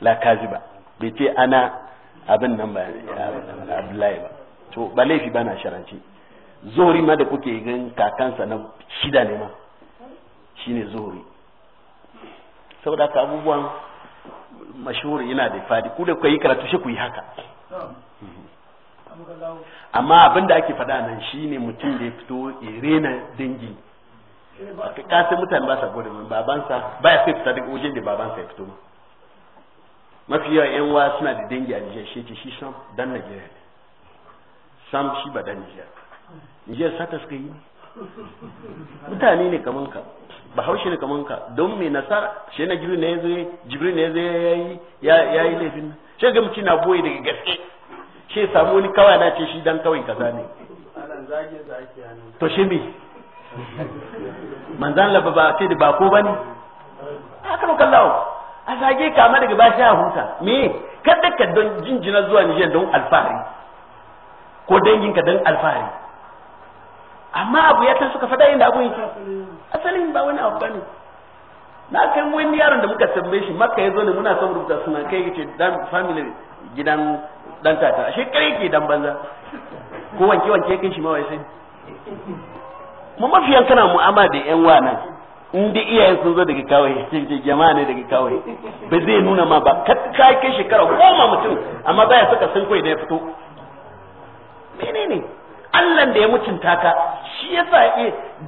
la kaziba bai ce ana abin nan ba abdullahi ba to ba laifi ba sharanci zori ma da kuke gan kakansa na shida ne ma shine zori saboda ka abubuwan mashhuri yana da fadi ku da yi karatu shi ku yi haka amma abin da ake faɗa nan shine mutum da ya fito ya rena dangi wato ka sai mutane ba sa gode min babansa ba ya fita daga wajen da babansa ya fito mafi yawa yan wa suna da dangi a Nijar shi ce shi sam dan Najeriya sam shi ba dan Nijar Nijar sata suka yi mutane ne kaman ka bahaushe ne kaman ka don me nasara shi na jibril ne yi jibril ne yazo yayi yayi laifin shi ga mutum na boye daga gaske shi samu ni kawai na ce shi dan kawai kaza ne to shi me manzan lafa ba ce da bako ba ne haka muka lawo a zage kama daga bashi a huta me kada ka don jinjina zuwa Nijar don alfahari ko danginka don alfahari amma abu ya ta suka fada inda abu yake asalin ba wani abu bane na kai wani yaron da muka tambaye shi makka ya zo ne muna son rubuta suna kai yace dan family gidan dan tata ashe kai ke dan banza ko wanke wanke kai shi ma wai sai mu mafiyan kana mu'amala da yan wa in iyayen sun zo daga kawai jama'a ne daga kawai ba zai nuna ma ba ka kai shekara goma mutum amma baya saka sun kai da ya fito menene Allah da ya mutunta ka shi ya sa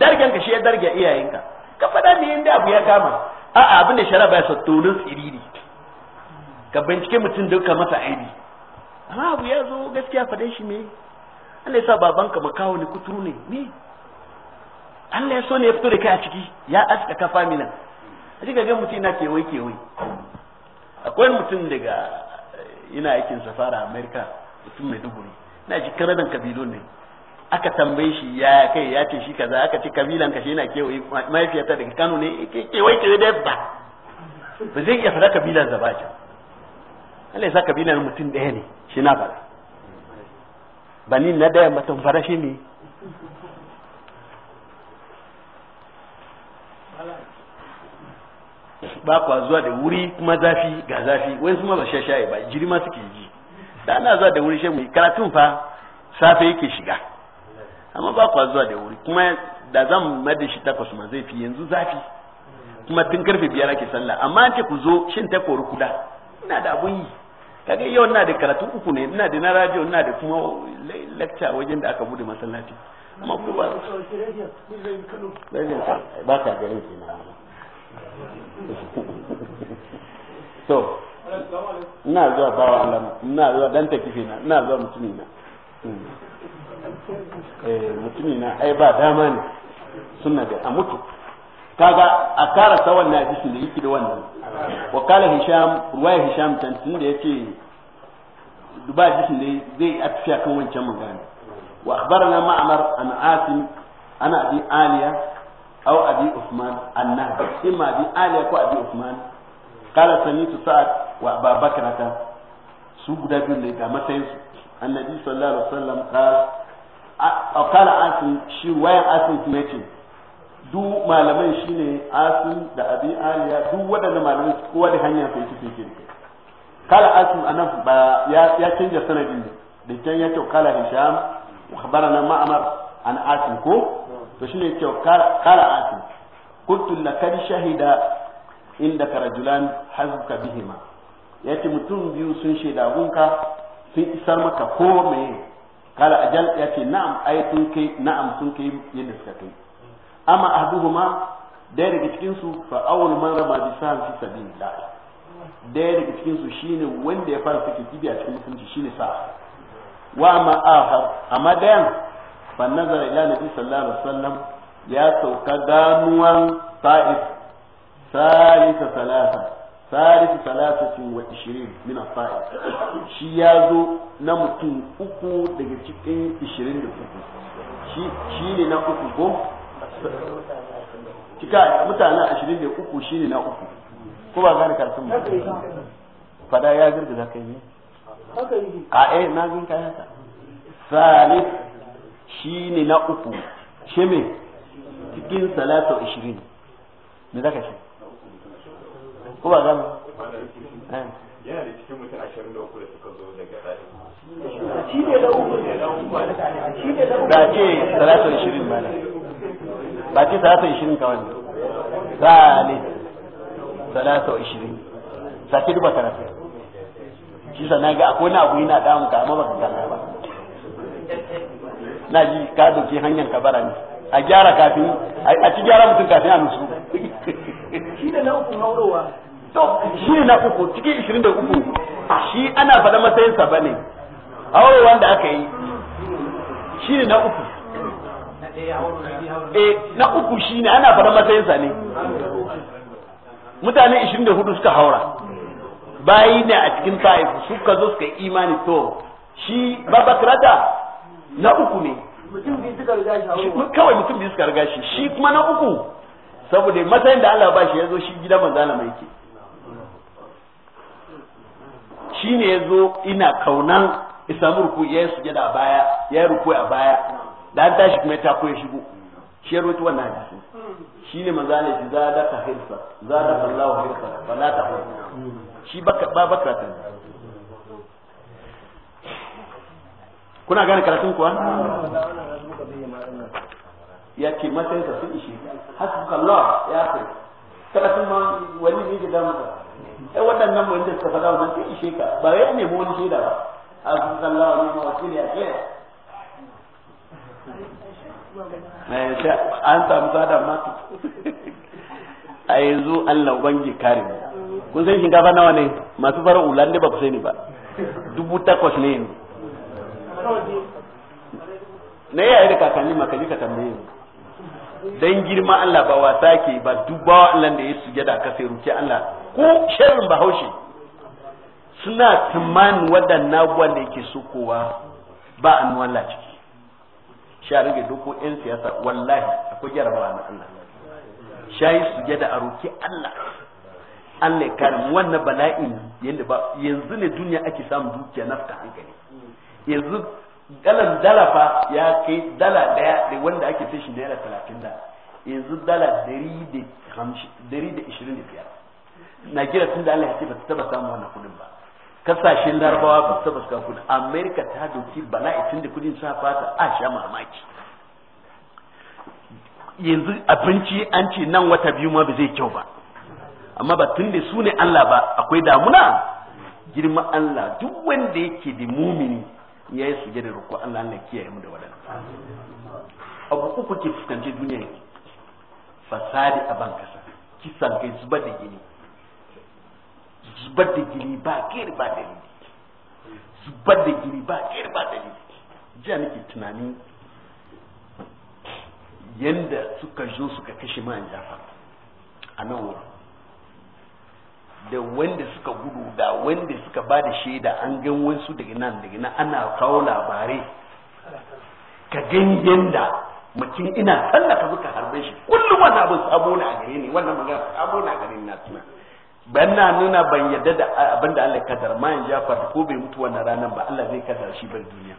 dargen ka shi ya darge iyayenka ka fada ne inda abu ya kama a'a abin da shara baya sattonin tsiriri ka bincike mutum duka masa aibi amma abu ya zo gaskiya fadan shi me Allah ya sa babanka makawo ne kuturu ne me Allah ya so ne ya fito da kai a ciki ya aska kafa mina a cikin ga mutum na kewai kewai akwai mutum daga ina aikin safara amerika mutum mai duburi na ji karadan kabilu ne aka tambaye shi ya kai ya ce shi kaza aka ce kabilan ka shi yana kewaye mahaifiyarta daga kano ne kewai kewai da ba ba zai iya faɗa kabilan sa ba can Allah ya sa kabilan mutum ɗaya ne shi na ba bani na ɗaya mutum fara shi ne ba kwa zuwa da wuri kuma zafi ga zafi wani kuma ba sha shaye ba jiri ma suke ji da ana zuwa da wuri shemu karatun fa safe yake shiga amma ba kwa zuwa da wuri kuma da zan mada shi takwas ma zai fi yanzu zafi kuma tun karfe biyar ake sallah amma an ce ku zo shin ta kori kuda ina da abun yi kaga yau ina da karatu uku ne ina da na radio ina da kuma lecture wajen da aka bude masallaci amma ku ba ba ka shi na to ina zuwa bawa Allah ina zuwa dan takife na ina zuwa mutumi na mm. eh mutumi na ai ba dama ne sunna da a mutu kaga a kara sa wannan hadisin da yake da wannan wa kala hisham ruwaya hisham tan tun da yake duba hadisin da zai atfiya kan wancan magana wa akhbarana ma'mar an asim ana bi aliya أو أبي عثمان النهدي إما أبي آلي أو أبي عثمان قال سميت سعد وأبا بكرة سوق ده بيقول لي ده النبي صلى الله عليه وسلم قال أو قال عاصم شي وين عاصم تمشي du malaman shine asim da abi aliya duk waɗannan malaman kowa da hanya sai kike kike kala asim anan ba ya canja sanadin da can ya ce kala hisham akhbarana ma'mar an asim ko to shine kyau kala atin kuntu lakad shahida inda karajulan hazuka bihima yace mutum biyu sun shaida gunka sun isar maka ko me kala ajal yace na'am ai sun kai na'am sun kai yadda suka kai amma ahduhuma dai daga cikin su fa awul man rama bi sa'an fi sabilillah dai daga cikin su shine wanda ya fara saki a cikin mutunci shine sa wa ma ahar amma dayan fa nazara ila nabi sallallahu alaihi wasallam ya sauka damuwan ta'if salisa salasa salisa salasatin wa ishirin min ta'if shi na mutum uku daga cikin ishirin da uku shi ne na uku ko cika mutanen ashirin da uku shi ne na uku ko ba gane karfin ba fada ya girgiza kai ne a eh kayan sa salis shi ne na uku shi me cikin salatu ishirin, me zaka shi ko ba gama eh. yana da cikin mutum ashirin da uku da suka zo daga ɗari shi ne da uku da ce salatu ba ba ce salatu kawai salatu sake duba karatu shi sannan ga akwai na abu yana damun ka amma baka ba na ji ka dauke hanyar ka bara ni a gyara kafin a ci gyara mutum kafin a nusu shi da na uku haurowa to shi ne na uku cikin ishirin da uku shi ana faɗa matsayin sa bane haurowa da aka yi shi ne na uku eh na uku shi ne ana faɗa sa ne mutane ishirin da hudu suka haura bayi ne a cikin ta'if suka zo suka imani to shi babakrata na uku ne mutum biyu suka riga shi kawai mutum biyu suka riga shi shi kuma na uku saboda matsayin da Allah ba shi ya zo shi gida manzo Allah mai ke shi ne ya zo ina kaunan isamu ruku ya yi sujada a baya ya yi ruku a baya da an tashi kuma ya tako ya shigo shi ya rotu wannan hadisi shi ne manzo Allah ya zada ka hirsa zada Allah hirsa fala ta shi baka ba baka ta kuna gane karatun kuwa ah, ya ce matsayinsa sun ishe hasbukallah ya ce karatun ma wani ne ke damu ai waɗannan mun da suka faɗa wannan sun ishe ka ba ya mu wani da ba hasbukallah ne ma ne a kai an samu sada mata a yanzu Allah ubangi kare kun san shinkafa nawa ne masu fara ulan ba ku sani ba dubu takwas ne yanzu na yayi da kakanni ma kaji ka tambaye ni dan girma Allah ba wasa ke ba duba Allah da ya sujada ka sai ruke Allah ko sharrin bahaushe suna tumanin waɗannan abubuwan da yake so kowa ba annuwan ciki sha rage doko yan siyasa wallahi akwai jarabawa na Allah shayi sujada a roki Allah Allah ya kare wannan bala'in yanda ba yanzu ne duniya ake samun dukiya nafta hankali yanzu galan dala fa ya kai dala daya da wanda ake fi shi naira talatin da yanzu dala dari da ishirin da biyar Najeriya tun da Allah ya ce ba ta taba samun wannan kudin ba kasashen larabawa ba ta taba samun kudin Amerika ta doki bala'i tun da kudin sa fata a sha mamaki yanzu abinci an ce nan wata biyu ma ba zai kyau ba amma ba tun da su ne Allah ba akwai damuna girma Allah duk wanda yake da mumini ya yi su sujada roƙo Allah na kiyaye mu da wadan. abu uku ke fuskanci duniya yake fasadi a ban kasa kisan kai zubar da gini zubar da gini ba kiri ba dalili zubar da gini ba kiri ba dalili jiya nake tunani yanda suka zo suka kashe man jafa a nan wurin da wanda suka gudu da wanda suka ba da shaida an gan wasu daga nan daga nan ana kawo labarai ka gani yanda mutum ina tsallaka zuka harbe shi kullum wannan abin sabo ne a gare ni wannan magana sabo ne a gare ni na tuna ban na nuna ban yadda da abin da Allah kadar ma Jafar ko bai mutu wannan ranar ba Allah zai kadar shi bar duniya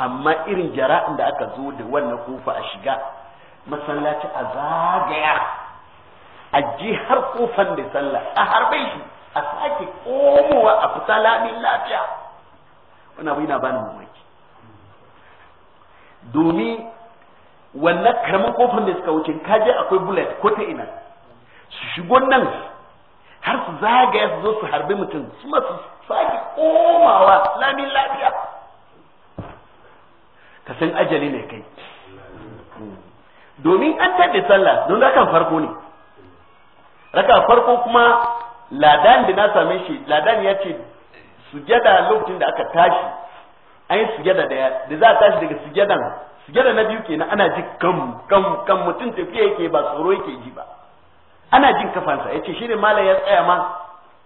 amma irin jara'in da aka zo da wannan kofa a shiga masallaci a zagaya a ji har kofan da sallah a harbe shi a sake komowa a fita lamin lafiya wannan abu yana bani mamaki domin wannan karamin kofan da suka wuce kaje akwai bullet ko ta ina su shigo nan har su zagaya su zo su harbi mutum su masu sake komawa lamin lafiya ka san ajali ne kai domin an taɗe sallah don kan farko ne raka farko kuma ladan da na same shi ladan ya ce sujada lokacin da aka tashi an yi sujada da ya da za a tashi daga sujadan sujada na biyu ke na ana ji kam kam kam mutum tafiya yake ba tsoro yake ji ba ana jin kafansa ya ce shine malam ya tsaya ma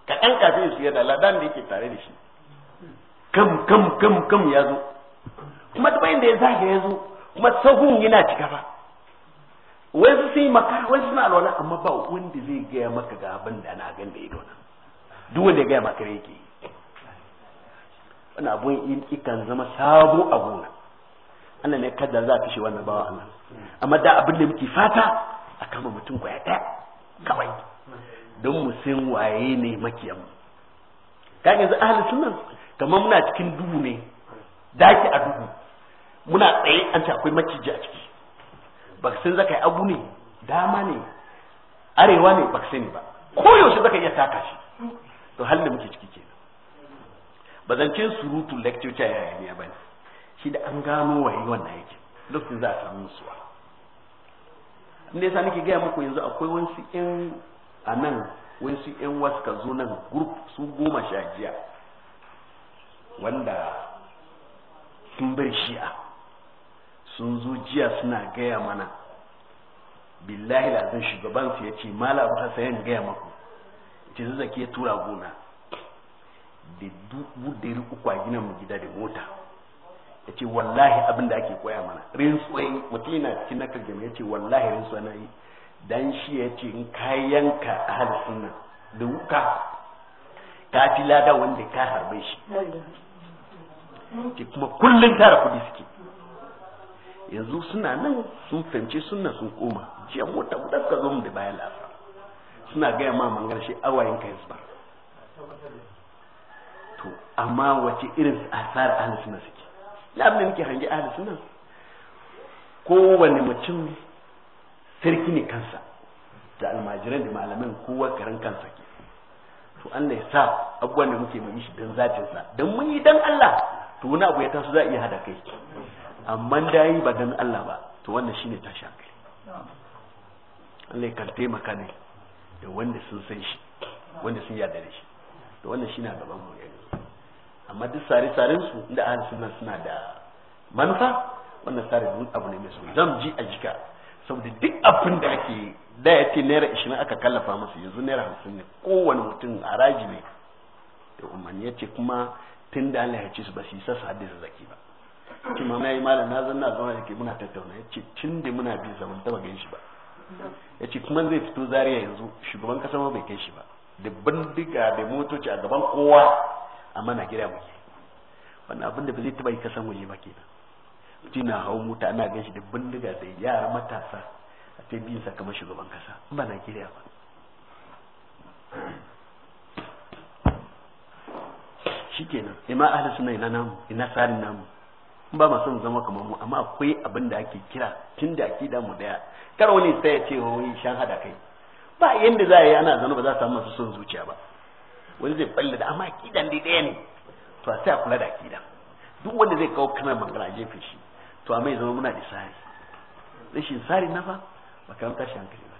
kaɗan kafin sujada ladan da yake tare da shi kam kam kam kam ya zo kuma ta da ya zaga ya zo kuma sahun yana cika ba wai sai wai suna alwala amma ba wanda zai gaya maka ga abin da na gan da ido duk wanda ya gaya maka yake wannan abun ikan zama sabo a gona Allah ne kada za ka shi wannan bawa Allah amma da abin da muke fata a kama mutum kwaya ɗaya kawai don mu san waye ne makiyan ka yanzu ahli sunan kamar muna cikin duhu ne daki a duhu muna tsaye an ce akwai maciji a ciki baksin zaka yi abu ne dama ne arewa ne baksin ba ko yaushe zaka iya taka shi to har da muke ciki kenan ba zance surutu lecture ya hayaniya ba ne shi da an gano waye wannan yake lokacin za a samu musuwa ne yasa nake gaya muku yanzu akwai wasu yan a nan wasu yan wasu ka zo nan group su goma sha jiya wanda sun bar shi'a sun zo jiya suna gaya mana billahi lazin shugaban su ya ce mala abu hasayen gaya maku ce su zake tura gona da dubu ɗari uku a gina mu gida da mota ya ce wallahi abin da ake koya mana rinsuwai mutum yana cikin nakar jami'a ya ce wallahi rinsuwa na yi dan shi ya ce in ka yanka a halittun nan da wuka ka fi lada wanda ka harbe shi ke kuma kullum tara kuɗi suke yanzu suna nan sun fahimci suna sun koma jiya mota guda suka zo mu da bayan lafa suna gaya ma mangar shi awayin ka yanzu ba to amma wace irin asar ahli suna suke labin da muke hangi ahli suna kowane mutum sarki ne kansa da almajiran da malamin kowa karan kansa ke to Allah ya sa abubuwan da muke mai shi dan zatinsa dan mun yi dan Allah to wani abu ya taso za a iya hada kai amma da yi ba dan Allah ba to wannan shine tashi hankali Allah kan taimaka ne da wanda sun san shi wanda sun yarda da shi to wannan shine gaban mu yanzu amma duk sare-saren su da ahli sunna suna da manufa wannan sare duk abu ne mai so zan ji a jika saboda duk abin da ake da ya ce naira ishirin aka kallafa masa yanzu naira hamsin ne kowane mutum haraji ne da umarni ya ce kuma tun da Allah ya ce su ba su yi sassa haddasa zaki ba ce mama yayi mala na zanna zama yake muna tattauna yace tun da muna bi zaman taba gan shi ba yace kuma zai fito zariya yanzu shugaban kasa ma bai kai shi ba da bindiga da motoci a gaban kowa a mana gida muke wannan abin da ba zai taba yi kasan waje ba kenan mutum na hau mota ana gan shi da bindiga da yara matasa a ce bin sa kamar shugaban kasa ba na gida ba shikenan ima ahli sunna ina namu ina tsarin namu ba ma son zama kamar mu amma akwai abin da ake kira tun da ake damu daya kar wani sai ya ce wai shan hada kai ba yanda za a yi ana zanu ba za a samu masu son zuciya ba wani zai balle da amma akidan dai daya ne to sai a kula da akidan duk wanda zai kawo kana magana a jefe shi to a mai zama muna da sari rashin sari na fa ba ta shi hankali ba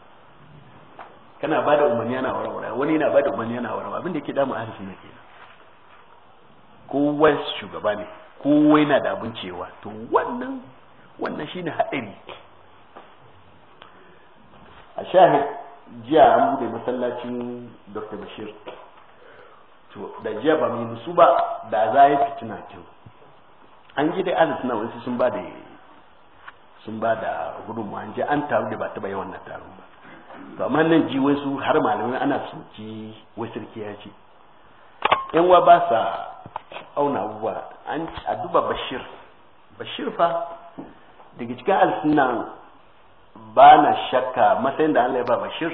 kana bada umarni yana warware wani yana bada umarni yana warware abin da yake damu a harshen ne kenan kowa shugaba ne kowa yana da abin cewa to wannan wannan shine haɗari a shahid jiya an bude masallacin dr bashir to da jiya ba mai musu ba da za yi fitina kyau an ji dai alis na wasu sun ba da sun ba da gudunmu an ji an taru da ba ta bayan wannan taru ba to amma nan ji wasu har malamai ana ji wasu ya ce yan wa ba sa auna abubuwa a duba bashir bashir fa daga cikin alsunan ba na shakka matsayin da Allah ya ba bashir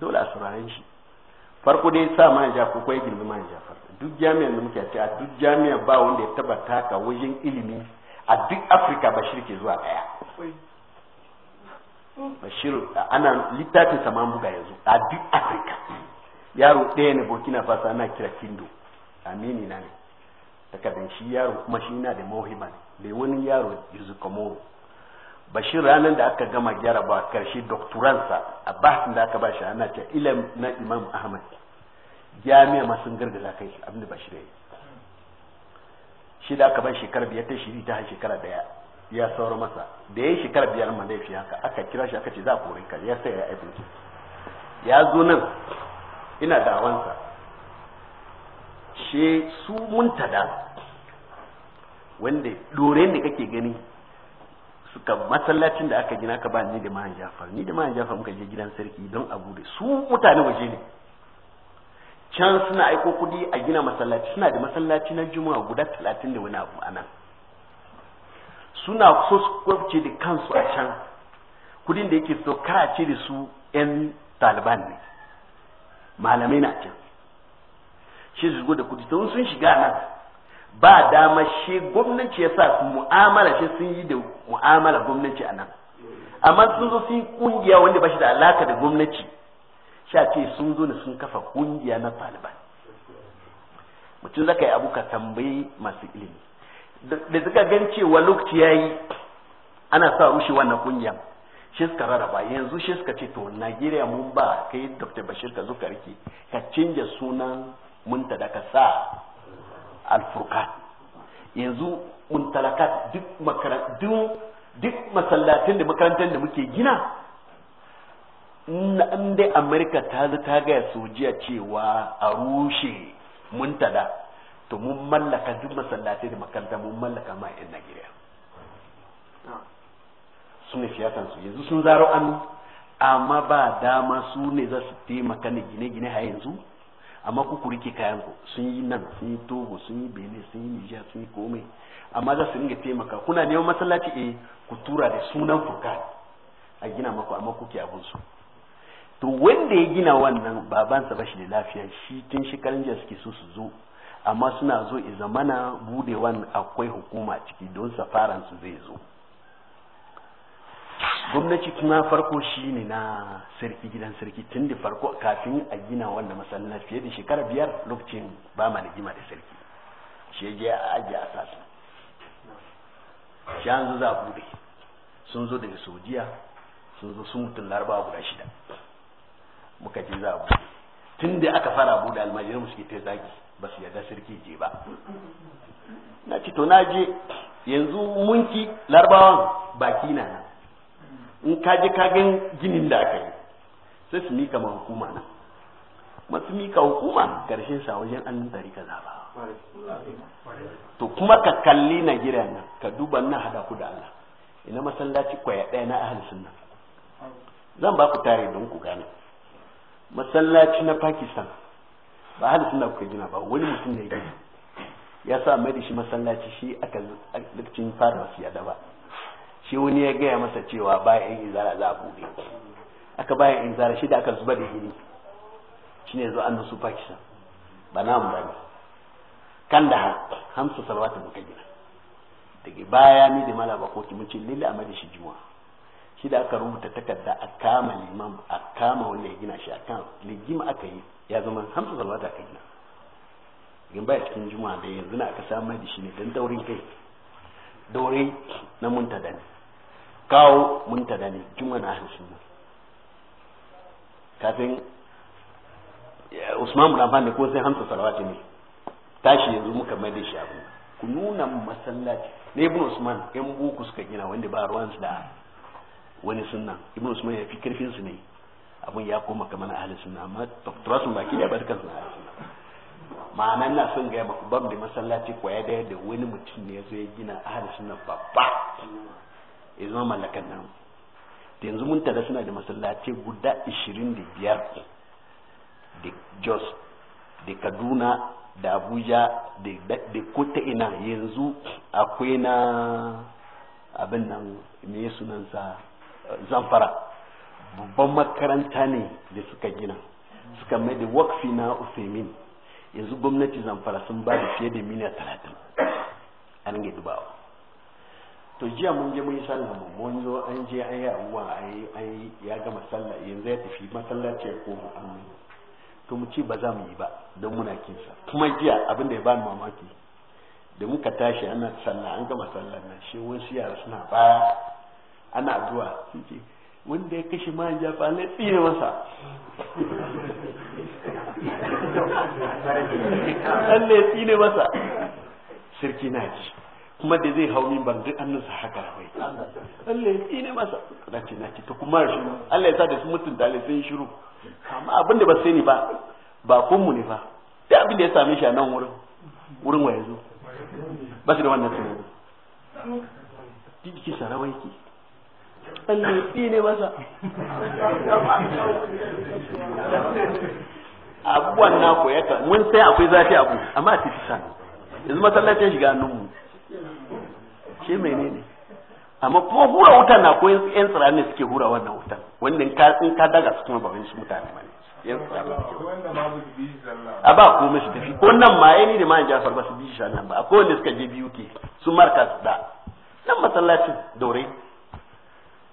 dole a sauraren shi farko dai sa manja ko kai girbi manja duk jami'ar da muke a duk jami'ar ba wanda ya taba taka wajen ilimi a duk Afirka bashir ke zuwa daya bashir ana littafin saman buga yanzu a duk Afirka yaro ɗaya ne Burkina Faso ana kira Kindo amini na ne takardar shi yaro kuma shi yana da muhimman da wani yaro yuzu kamoro bashir ranar da aka gama gyara ba karshe doktoransa a bahin da aka bashi ana ce ilim na imam ahmad jami'a masu gargaza kai abinda bashir ya yi shi da aka ban shekara biyar ta shiri ta shekara daya ya sauro masa da ya yi shekara biyar ma laifi haka aka kira shi aka ce za a kore ka ya sai ya yi ya zo nan ina da awansa shi su muntada wanda doren da kake gani suka masallacin da aka gina ka ba ni da mahan jafar ni da mahan jafar muka je gidan sarki don abu da su mutane waje ne can suna aiko kudi a gina masallaci suna da masallaci na juma'a guda talatin da wani abu a nan. suna so su kwafce da kansu a can kudin da yake so karace da su yan taliban ne malamai na can shi su da kudi don sun shiga nan ba dama shi gwamnati ya sa mu'amala shi sun yi da mu'amala gwamnati a nan amma sun zo sun kungiya wanda ba shi da alaka da gwamnati sha ce sun zo ne sun kafa kungiya na taliban mutum zaka yi abu ka tambayi masu ilimi da suka gan cewa lokaci ya yi ana sa rushe wannan kungiya shi suka rarraba yanzu shi suka ce to najeriya mun ba kai dr bashir ka zo ka rike ka canja sunan mun ta da ka sa al-furqan yanzu muntalakat duk makarantun duk masallatin da makarantar da muke gina in dai amerika ta zo ta gaya sojiya cewa a rushe muntada to mun mallaka duk masallatin da makaranta mun mallaka ma yan nigeria su ne su yanzu sun zaro annu amma ba dama su ne za su taimaka ne gine-gine ha yanzu amma ku ku rike kayan ku sun yi nan sun yi togo sun yi benin sun yi nijar sun yi komai amma za su ringa taimaka kuna neman masallaci eh ku tura da sunan fuka a gina maku amma kuke abun su to wanda ya gina wannan babansa ba shi da lafiya shi tun shekarun jiya suke so su zo amma suna zo zamana budewan akwai hukuma ciki don safaran su zai zo gwamnati kuma farko shi ne na sarki gidan sarki tun da farko kafin a gina wanda masallaci fiye da shekara biyar lokacin ba ma da gima da sarki shi ya je a ajiye a sasu shi an zo za a bude sun zo daga saudiya sun zo sun mutum larabawa guda shida muka je za a bude tun da aka fara bude almajirin musu suke ta zaki ba su yarda sarki je ba na ci to na je yanzu munki larabawan baki na nan in ka je ka gan ginin da aka yi sai su mika ma hukuma na masu mika hukuma karshen sa wajen an dari ka zaba to kuma ka kalli na gira na ka duba na hada ku da Allah ina masallaci kwaya ɗaya na ahal sunna zan ba ku tare don ku gane masallaci na Pakistan ba ahal sunna kuka gina ba wani mutum ne ya sa mai da shi masallaci shi aka lokacin fara wasu ya daba shi wani ya gaya masa cewa bayan zara za a buɗe aka bayan zara, shi da aka zuba da gini shi ne zuwa annan su pakistan ba na mu bane kan da hamsu salwatu muka gina daga baya ni da mala bakoki mun ce lilla amma da shi juma shi da aka rubuta takarda a kama liman a kama wanda ya gina shi a kan ligima aka yi ya zama hamsu salwatu aka gina in baya cikin juma'a da yanzu na aka samar da shi ne don daurin kai daure na muntada ne kawo mun tana ne juma na ahli sunna kafin eh, Usman bin Affan ne ko sai Hamsa salawati ne tashi yanzu muka mai da shi abu ku nuna masallaci ne Ibn Usman yan boko suka gina wanda ba ruwan su da wani sunna Ibn Usman ya fi karfin su ne abun ya koma kamar ahli sunna amma tafturasun baki da barkan su ahli sunna ma'anan na sun gaya ba ku da masallaci kwaya daya da wani mutum ne ya zo ya gina ahli sunna babba ya mallakan nan yanzu mun tada suna da masallaci guda 25 da jos da kaduna da abuja da kota ina yanzu akwai na abin nan me sunansa zamfara babban makaranta ne da suka gina suka mai da wakfi na usaimin yanzu gwamnati zamfara sun ba da fiye da miliyan talatin an dubawa to jiya mun je mun yi sallah mu mun zo an je an yi abuwa an ya gama sallah yanzu ya tafi masallaci ya ko an to mu ci ba za mu yi ba don muna kinsa kuma jiya abin da ya bani mamaki da muka tashi ana sallah an gama sallah nan shi wani siya suna baya ana addu'a sun ce wanda ya kashe ya fa ne tsire masa Allah ya tsine masa Sirki na ji kuma da zai hau min ban duk annansa haka rawai Allah ya tsine masa da ce na ta kuma shi Allah ya sa da su da Allah sun shiru amma abin da ba sai ni ba ba kun mu ne ba da abin da ya same shi a nan wurin wurin wa yazo ba shi da wannan tunani jiki sarawa yake Allah ya tsine masa abubuwan na ko yaka mun sai akwai zafi abu amma a titi sa yanzu masallacin shiga hannun mu shi menene amma kuma hura wutan na ko yan tsira ne suke hura wannan wutan wanda in ka daga su kuma ba wani mutane ba ne yan tsira ne a ba komai su tafi ko nan ma yani da man jafar ba su bi shi nan ba akwai wanda suka je biyu ke su markas da nan masallacin dore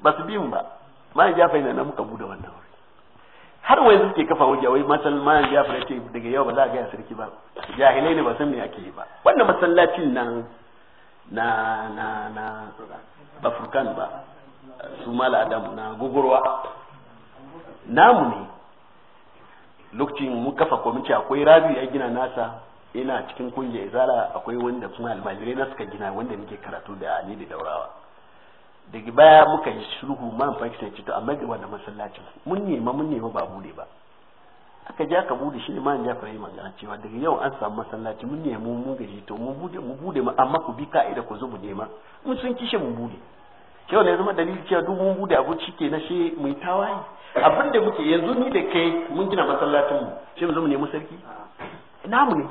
ba su bi mu ba man jafar yana nan muka bude wannan wuri har wai suke kafa waje wai masal man jafar ce daga yau ba za a ga sarki ba jahilai ne ba san me ake yi ba wannan masallacin nan na na na ba furkan ba su mala adam na gugurwa namu ne lokacin mun kafa kwamiti akwai rabi ya gina nasa ina cikin kungiya izala akwai wanda kuma almajirai na suka gina wanda muke karatu da ni da daurawa daga baya muka yi sulhu man fa kisan amma da wannan masallacin mun nema mun nema ba bude ba aka ja ka bude shi ne man jafar yi magana cewa daga yau an samu masallaci mun nemo mu gaji to mu bude mu bude ma amma ku bi ka'ida ku zo mu nema mun sun kishe mu bude kyau ne zama dalili cewa duk mun bude abu ke na shi mu yi tawaye abin da muke yanzu ni da kai mun gina masallacin mu shi mu zo mu nemi sarki mu ne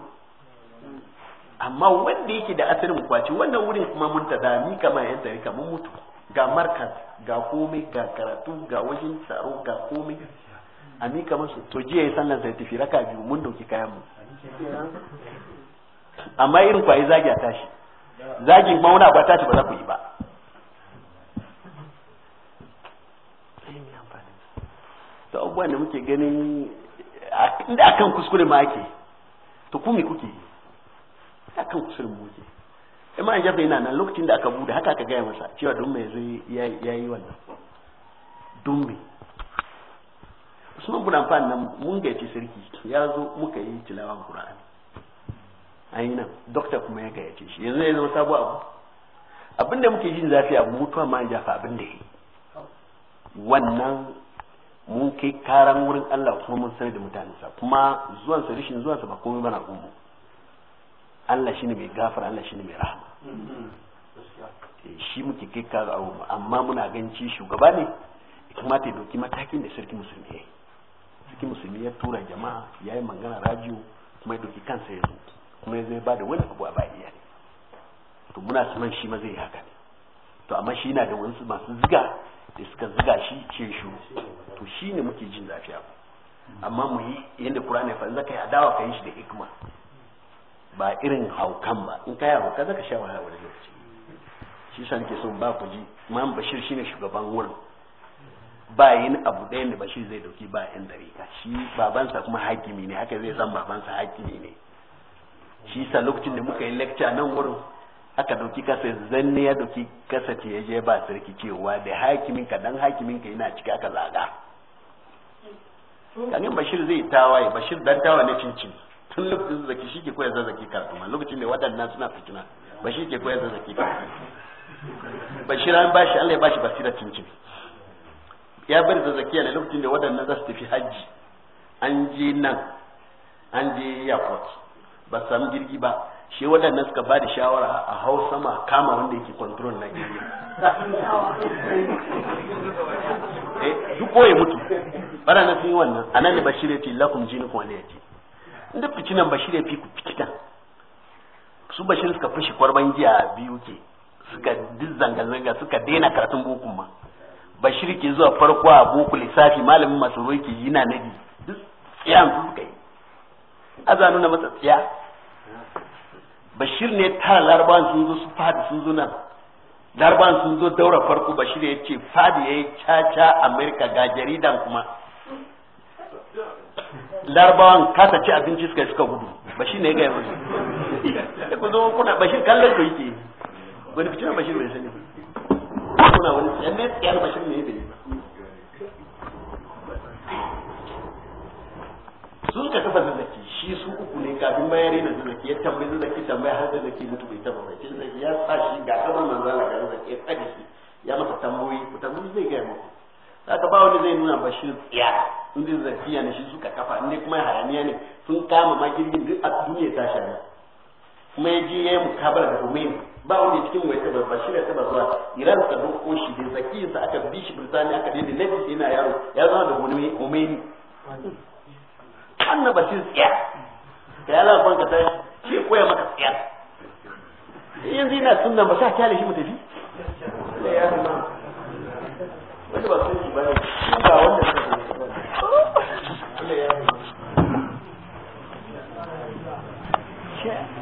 amma wanda yake da asirin kwaci wannan wurin kuma mun ta ni kama yan tarika mun mutu ga markas ga komai ga karatu ga wajen tsaro ga komai a mika musu to jiya yi sallan sai tafi raka biyu mun dauki kayan mu amma irin kwaye zagi a tashi zagin ma wani ba tashi ba za ku yi ba to abubuwan da muke ganin inda akan kuskure ma ake to ku mi kuke akan kuskure mu ke imam jafa yana nan lokacin da aka bude haka aka gaya masa cewa don me zai yayi wannan don me usman bin amfani nan mun gaici sarki ya zo muka yi tilawan qur'ani A yi nan dokta kuma ya gayyace shi yanzu ya zama sabo abu abin da muke jin zafi abu mutuwa ma ya fa abin da yi wannan mun kai karan wurin Allah kuma mun sanar da sa kuma zuwansa rishin zuwansa ba komai bana gumu Allah shine mai gafara Allah shine mai rahama eh, shi muke kai karan amma muna ganci shugaba ne ya kamata ya doki matakin da sarki musulmi ya yi sarki musulmi ya tura jama'a ya yi magana rajiyo kuma ya doki kansa ya zo kuma ya zai ba da wani abu a ba iya to muna man shi ma zai haka ne to amma shi na da wani masu ziga da suka ziga shi ce shi to shi ne muke jin zafi amma mu yi yadda Qur'ani ya faɗi zaka yi adawa ka yi shi da hikima ba irin haukan ba in ka yi haukan zaka sha wahala wani lokaci shi sa nake son ba ku ji Imam Bashir ne shugaban wurin ba yin abu ɗaya ne ba shi zai dauki ba yan dariƙa shi babansa kuma hakimi ne haka zai zan babansa hakimi ne shi sa lokacin da muka yi lecture nan wurin aka dauki kasa zanne ya dauki kasa ce ya je ba sarki cewa da hakimin ka dan hakimin ka yana cika ka zaga kanin bashir zai tawaye bashir dan tawa ne cincin tun lokacin zaki shi ke koyar zaki karatu ma lokacin da waɗannan suna fitina bashir ke koyar zaki karatu bashir an bashi Allah ya bashi basira cincin ya bar da zakiya ne lokacin da waɗannan za su tafi hajji an je nan an je airport ba samu jirgi ba shi waɗannan suka ba da shawara a hau sama kama wanda yake control na jirgi eh, duk ko ya mutu bara na fi wannan a nan ne bashir ya ce lakum jini kuma ne ya ce inda fitinan bashir ya fi ku fitinan su bashir suka fushi kwarban jiya biyu ke suka dizzan zanga-zanga suka daina karatun bukun ma bashir ke zuwa farko a boko lissafi malamin masu ruwa ke yi na nabi duk tsiyan su suka yi a za nuna masa tsiya bashir ne tara larabawan sun zo su fadi sun zo nan larabawan sun zo daura farko bashir ya ce fadi ya yi caca amerika ga jaridan kuma larabawan kasa ci abinci suka suka gudu bashir ne ya gaya musu ku zo kuna bashir kallon ko yake wani fitina bashir bai sani kuna wani tsayen da tsayar bashin ne bai su suka kafa zazzaki shi su uku ne kafin bayan rena zazzaki ya tambayi zazzaki tambaya har zazzaki mutu bai taba bai zazzaki ya sa shi ga kabar manzala ga zazzaki ya tsare shi ya masa tambayi ku tambayi zai gaya muku haka ba wanda zai nuna bashir tsiya in zai zafiya ne shi suka kafa in dai kuma haramiya ne sun kama ma girgin duk a duniya ta shana kuma ya je ya yi mukabara da rumaini ba wani cikin wai taba ba shi ne taba zuwa Iran ka dukko shi da zakiyin sa aka bi shi Birtaniya aka dai da nabi yana yaro ya zama da gune Khomeini annaba shi tsiya ka yana ban ka tashi ke koya maka tsiya yanzu ina sunna ba sa kyale shi mu tafi wanda ba sun ba ne ba wanda ne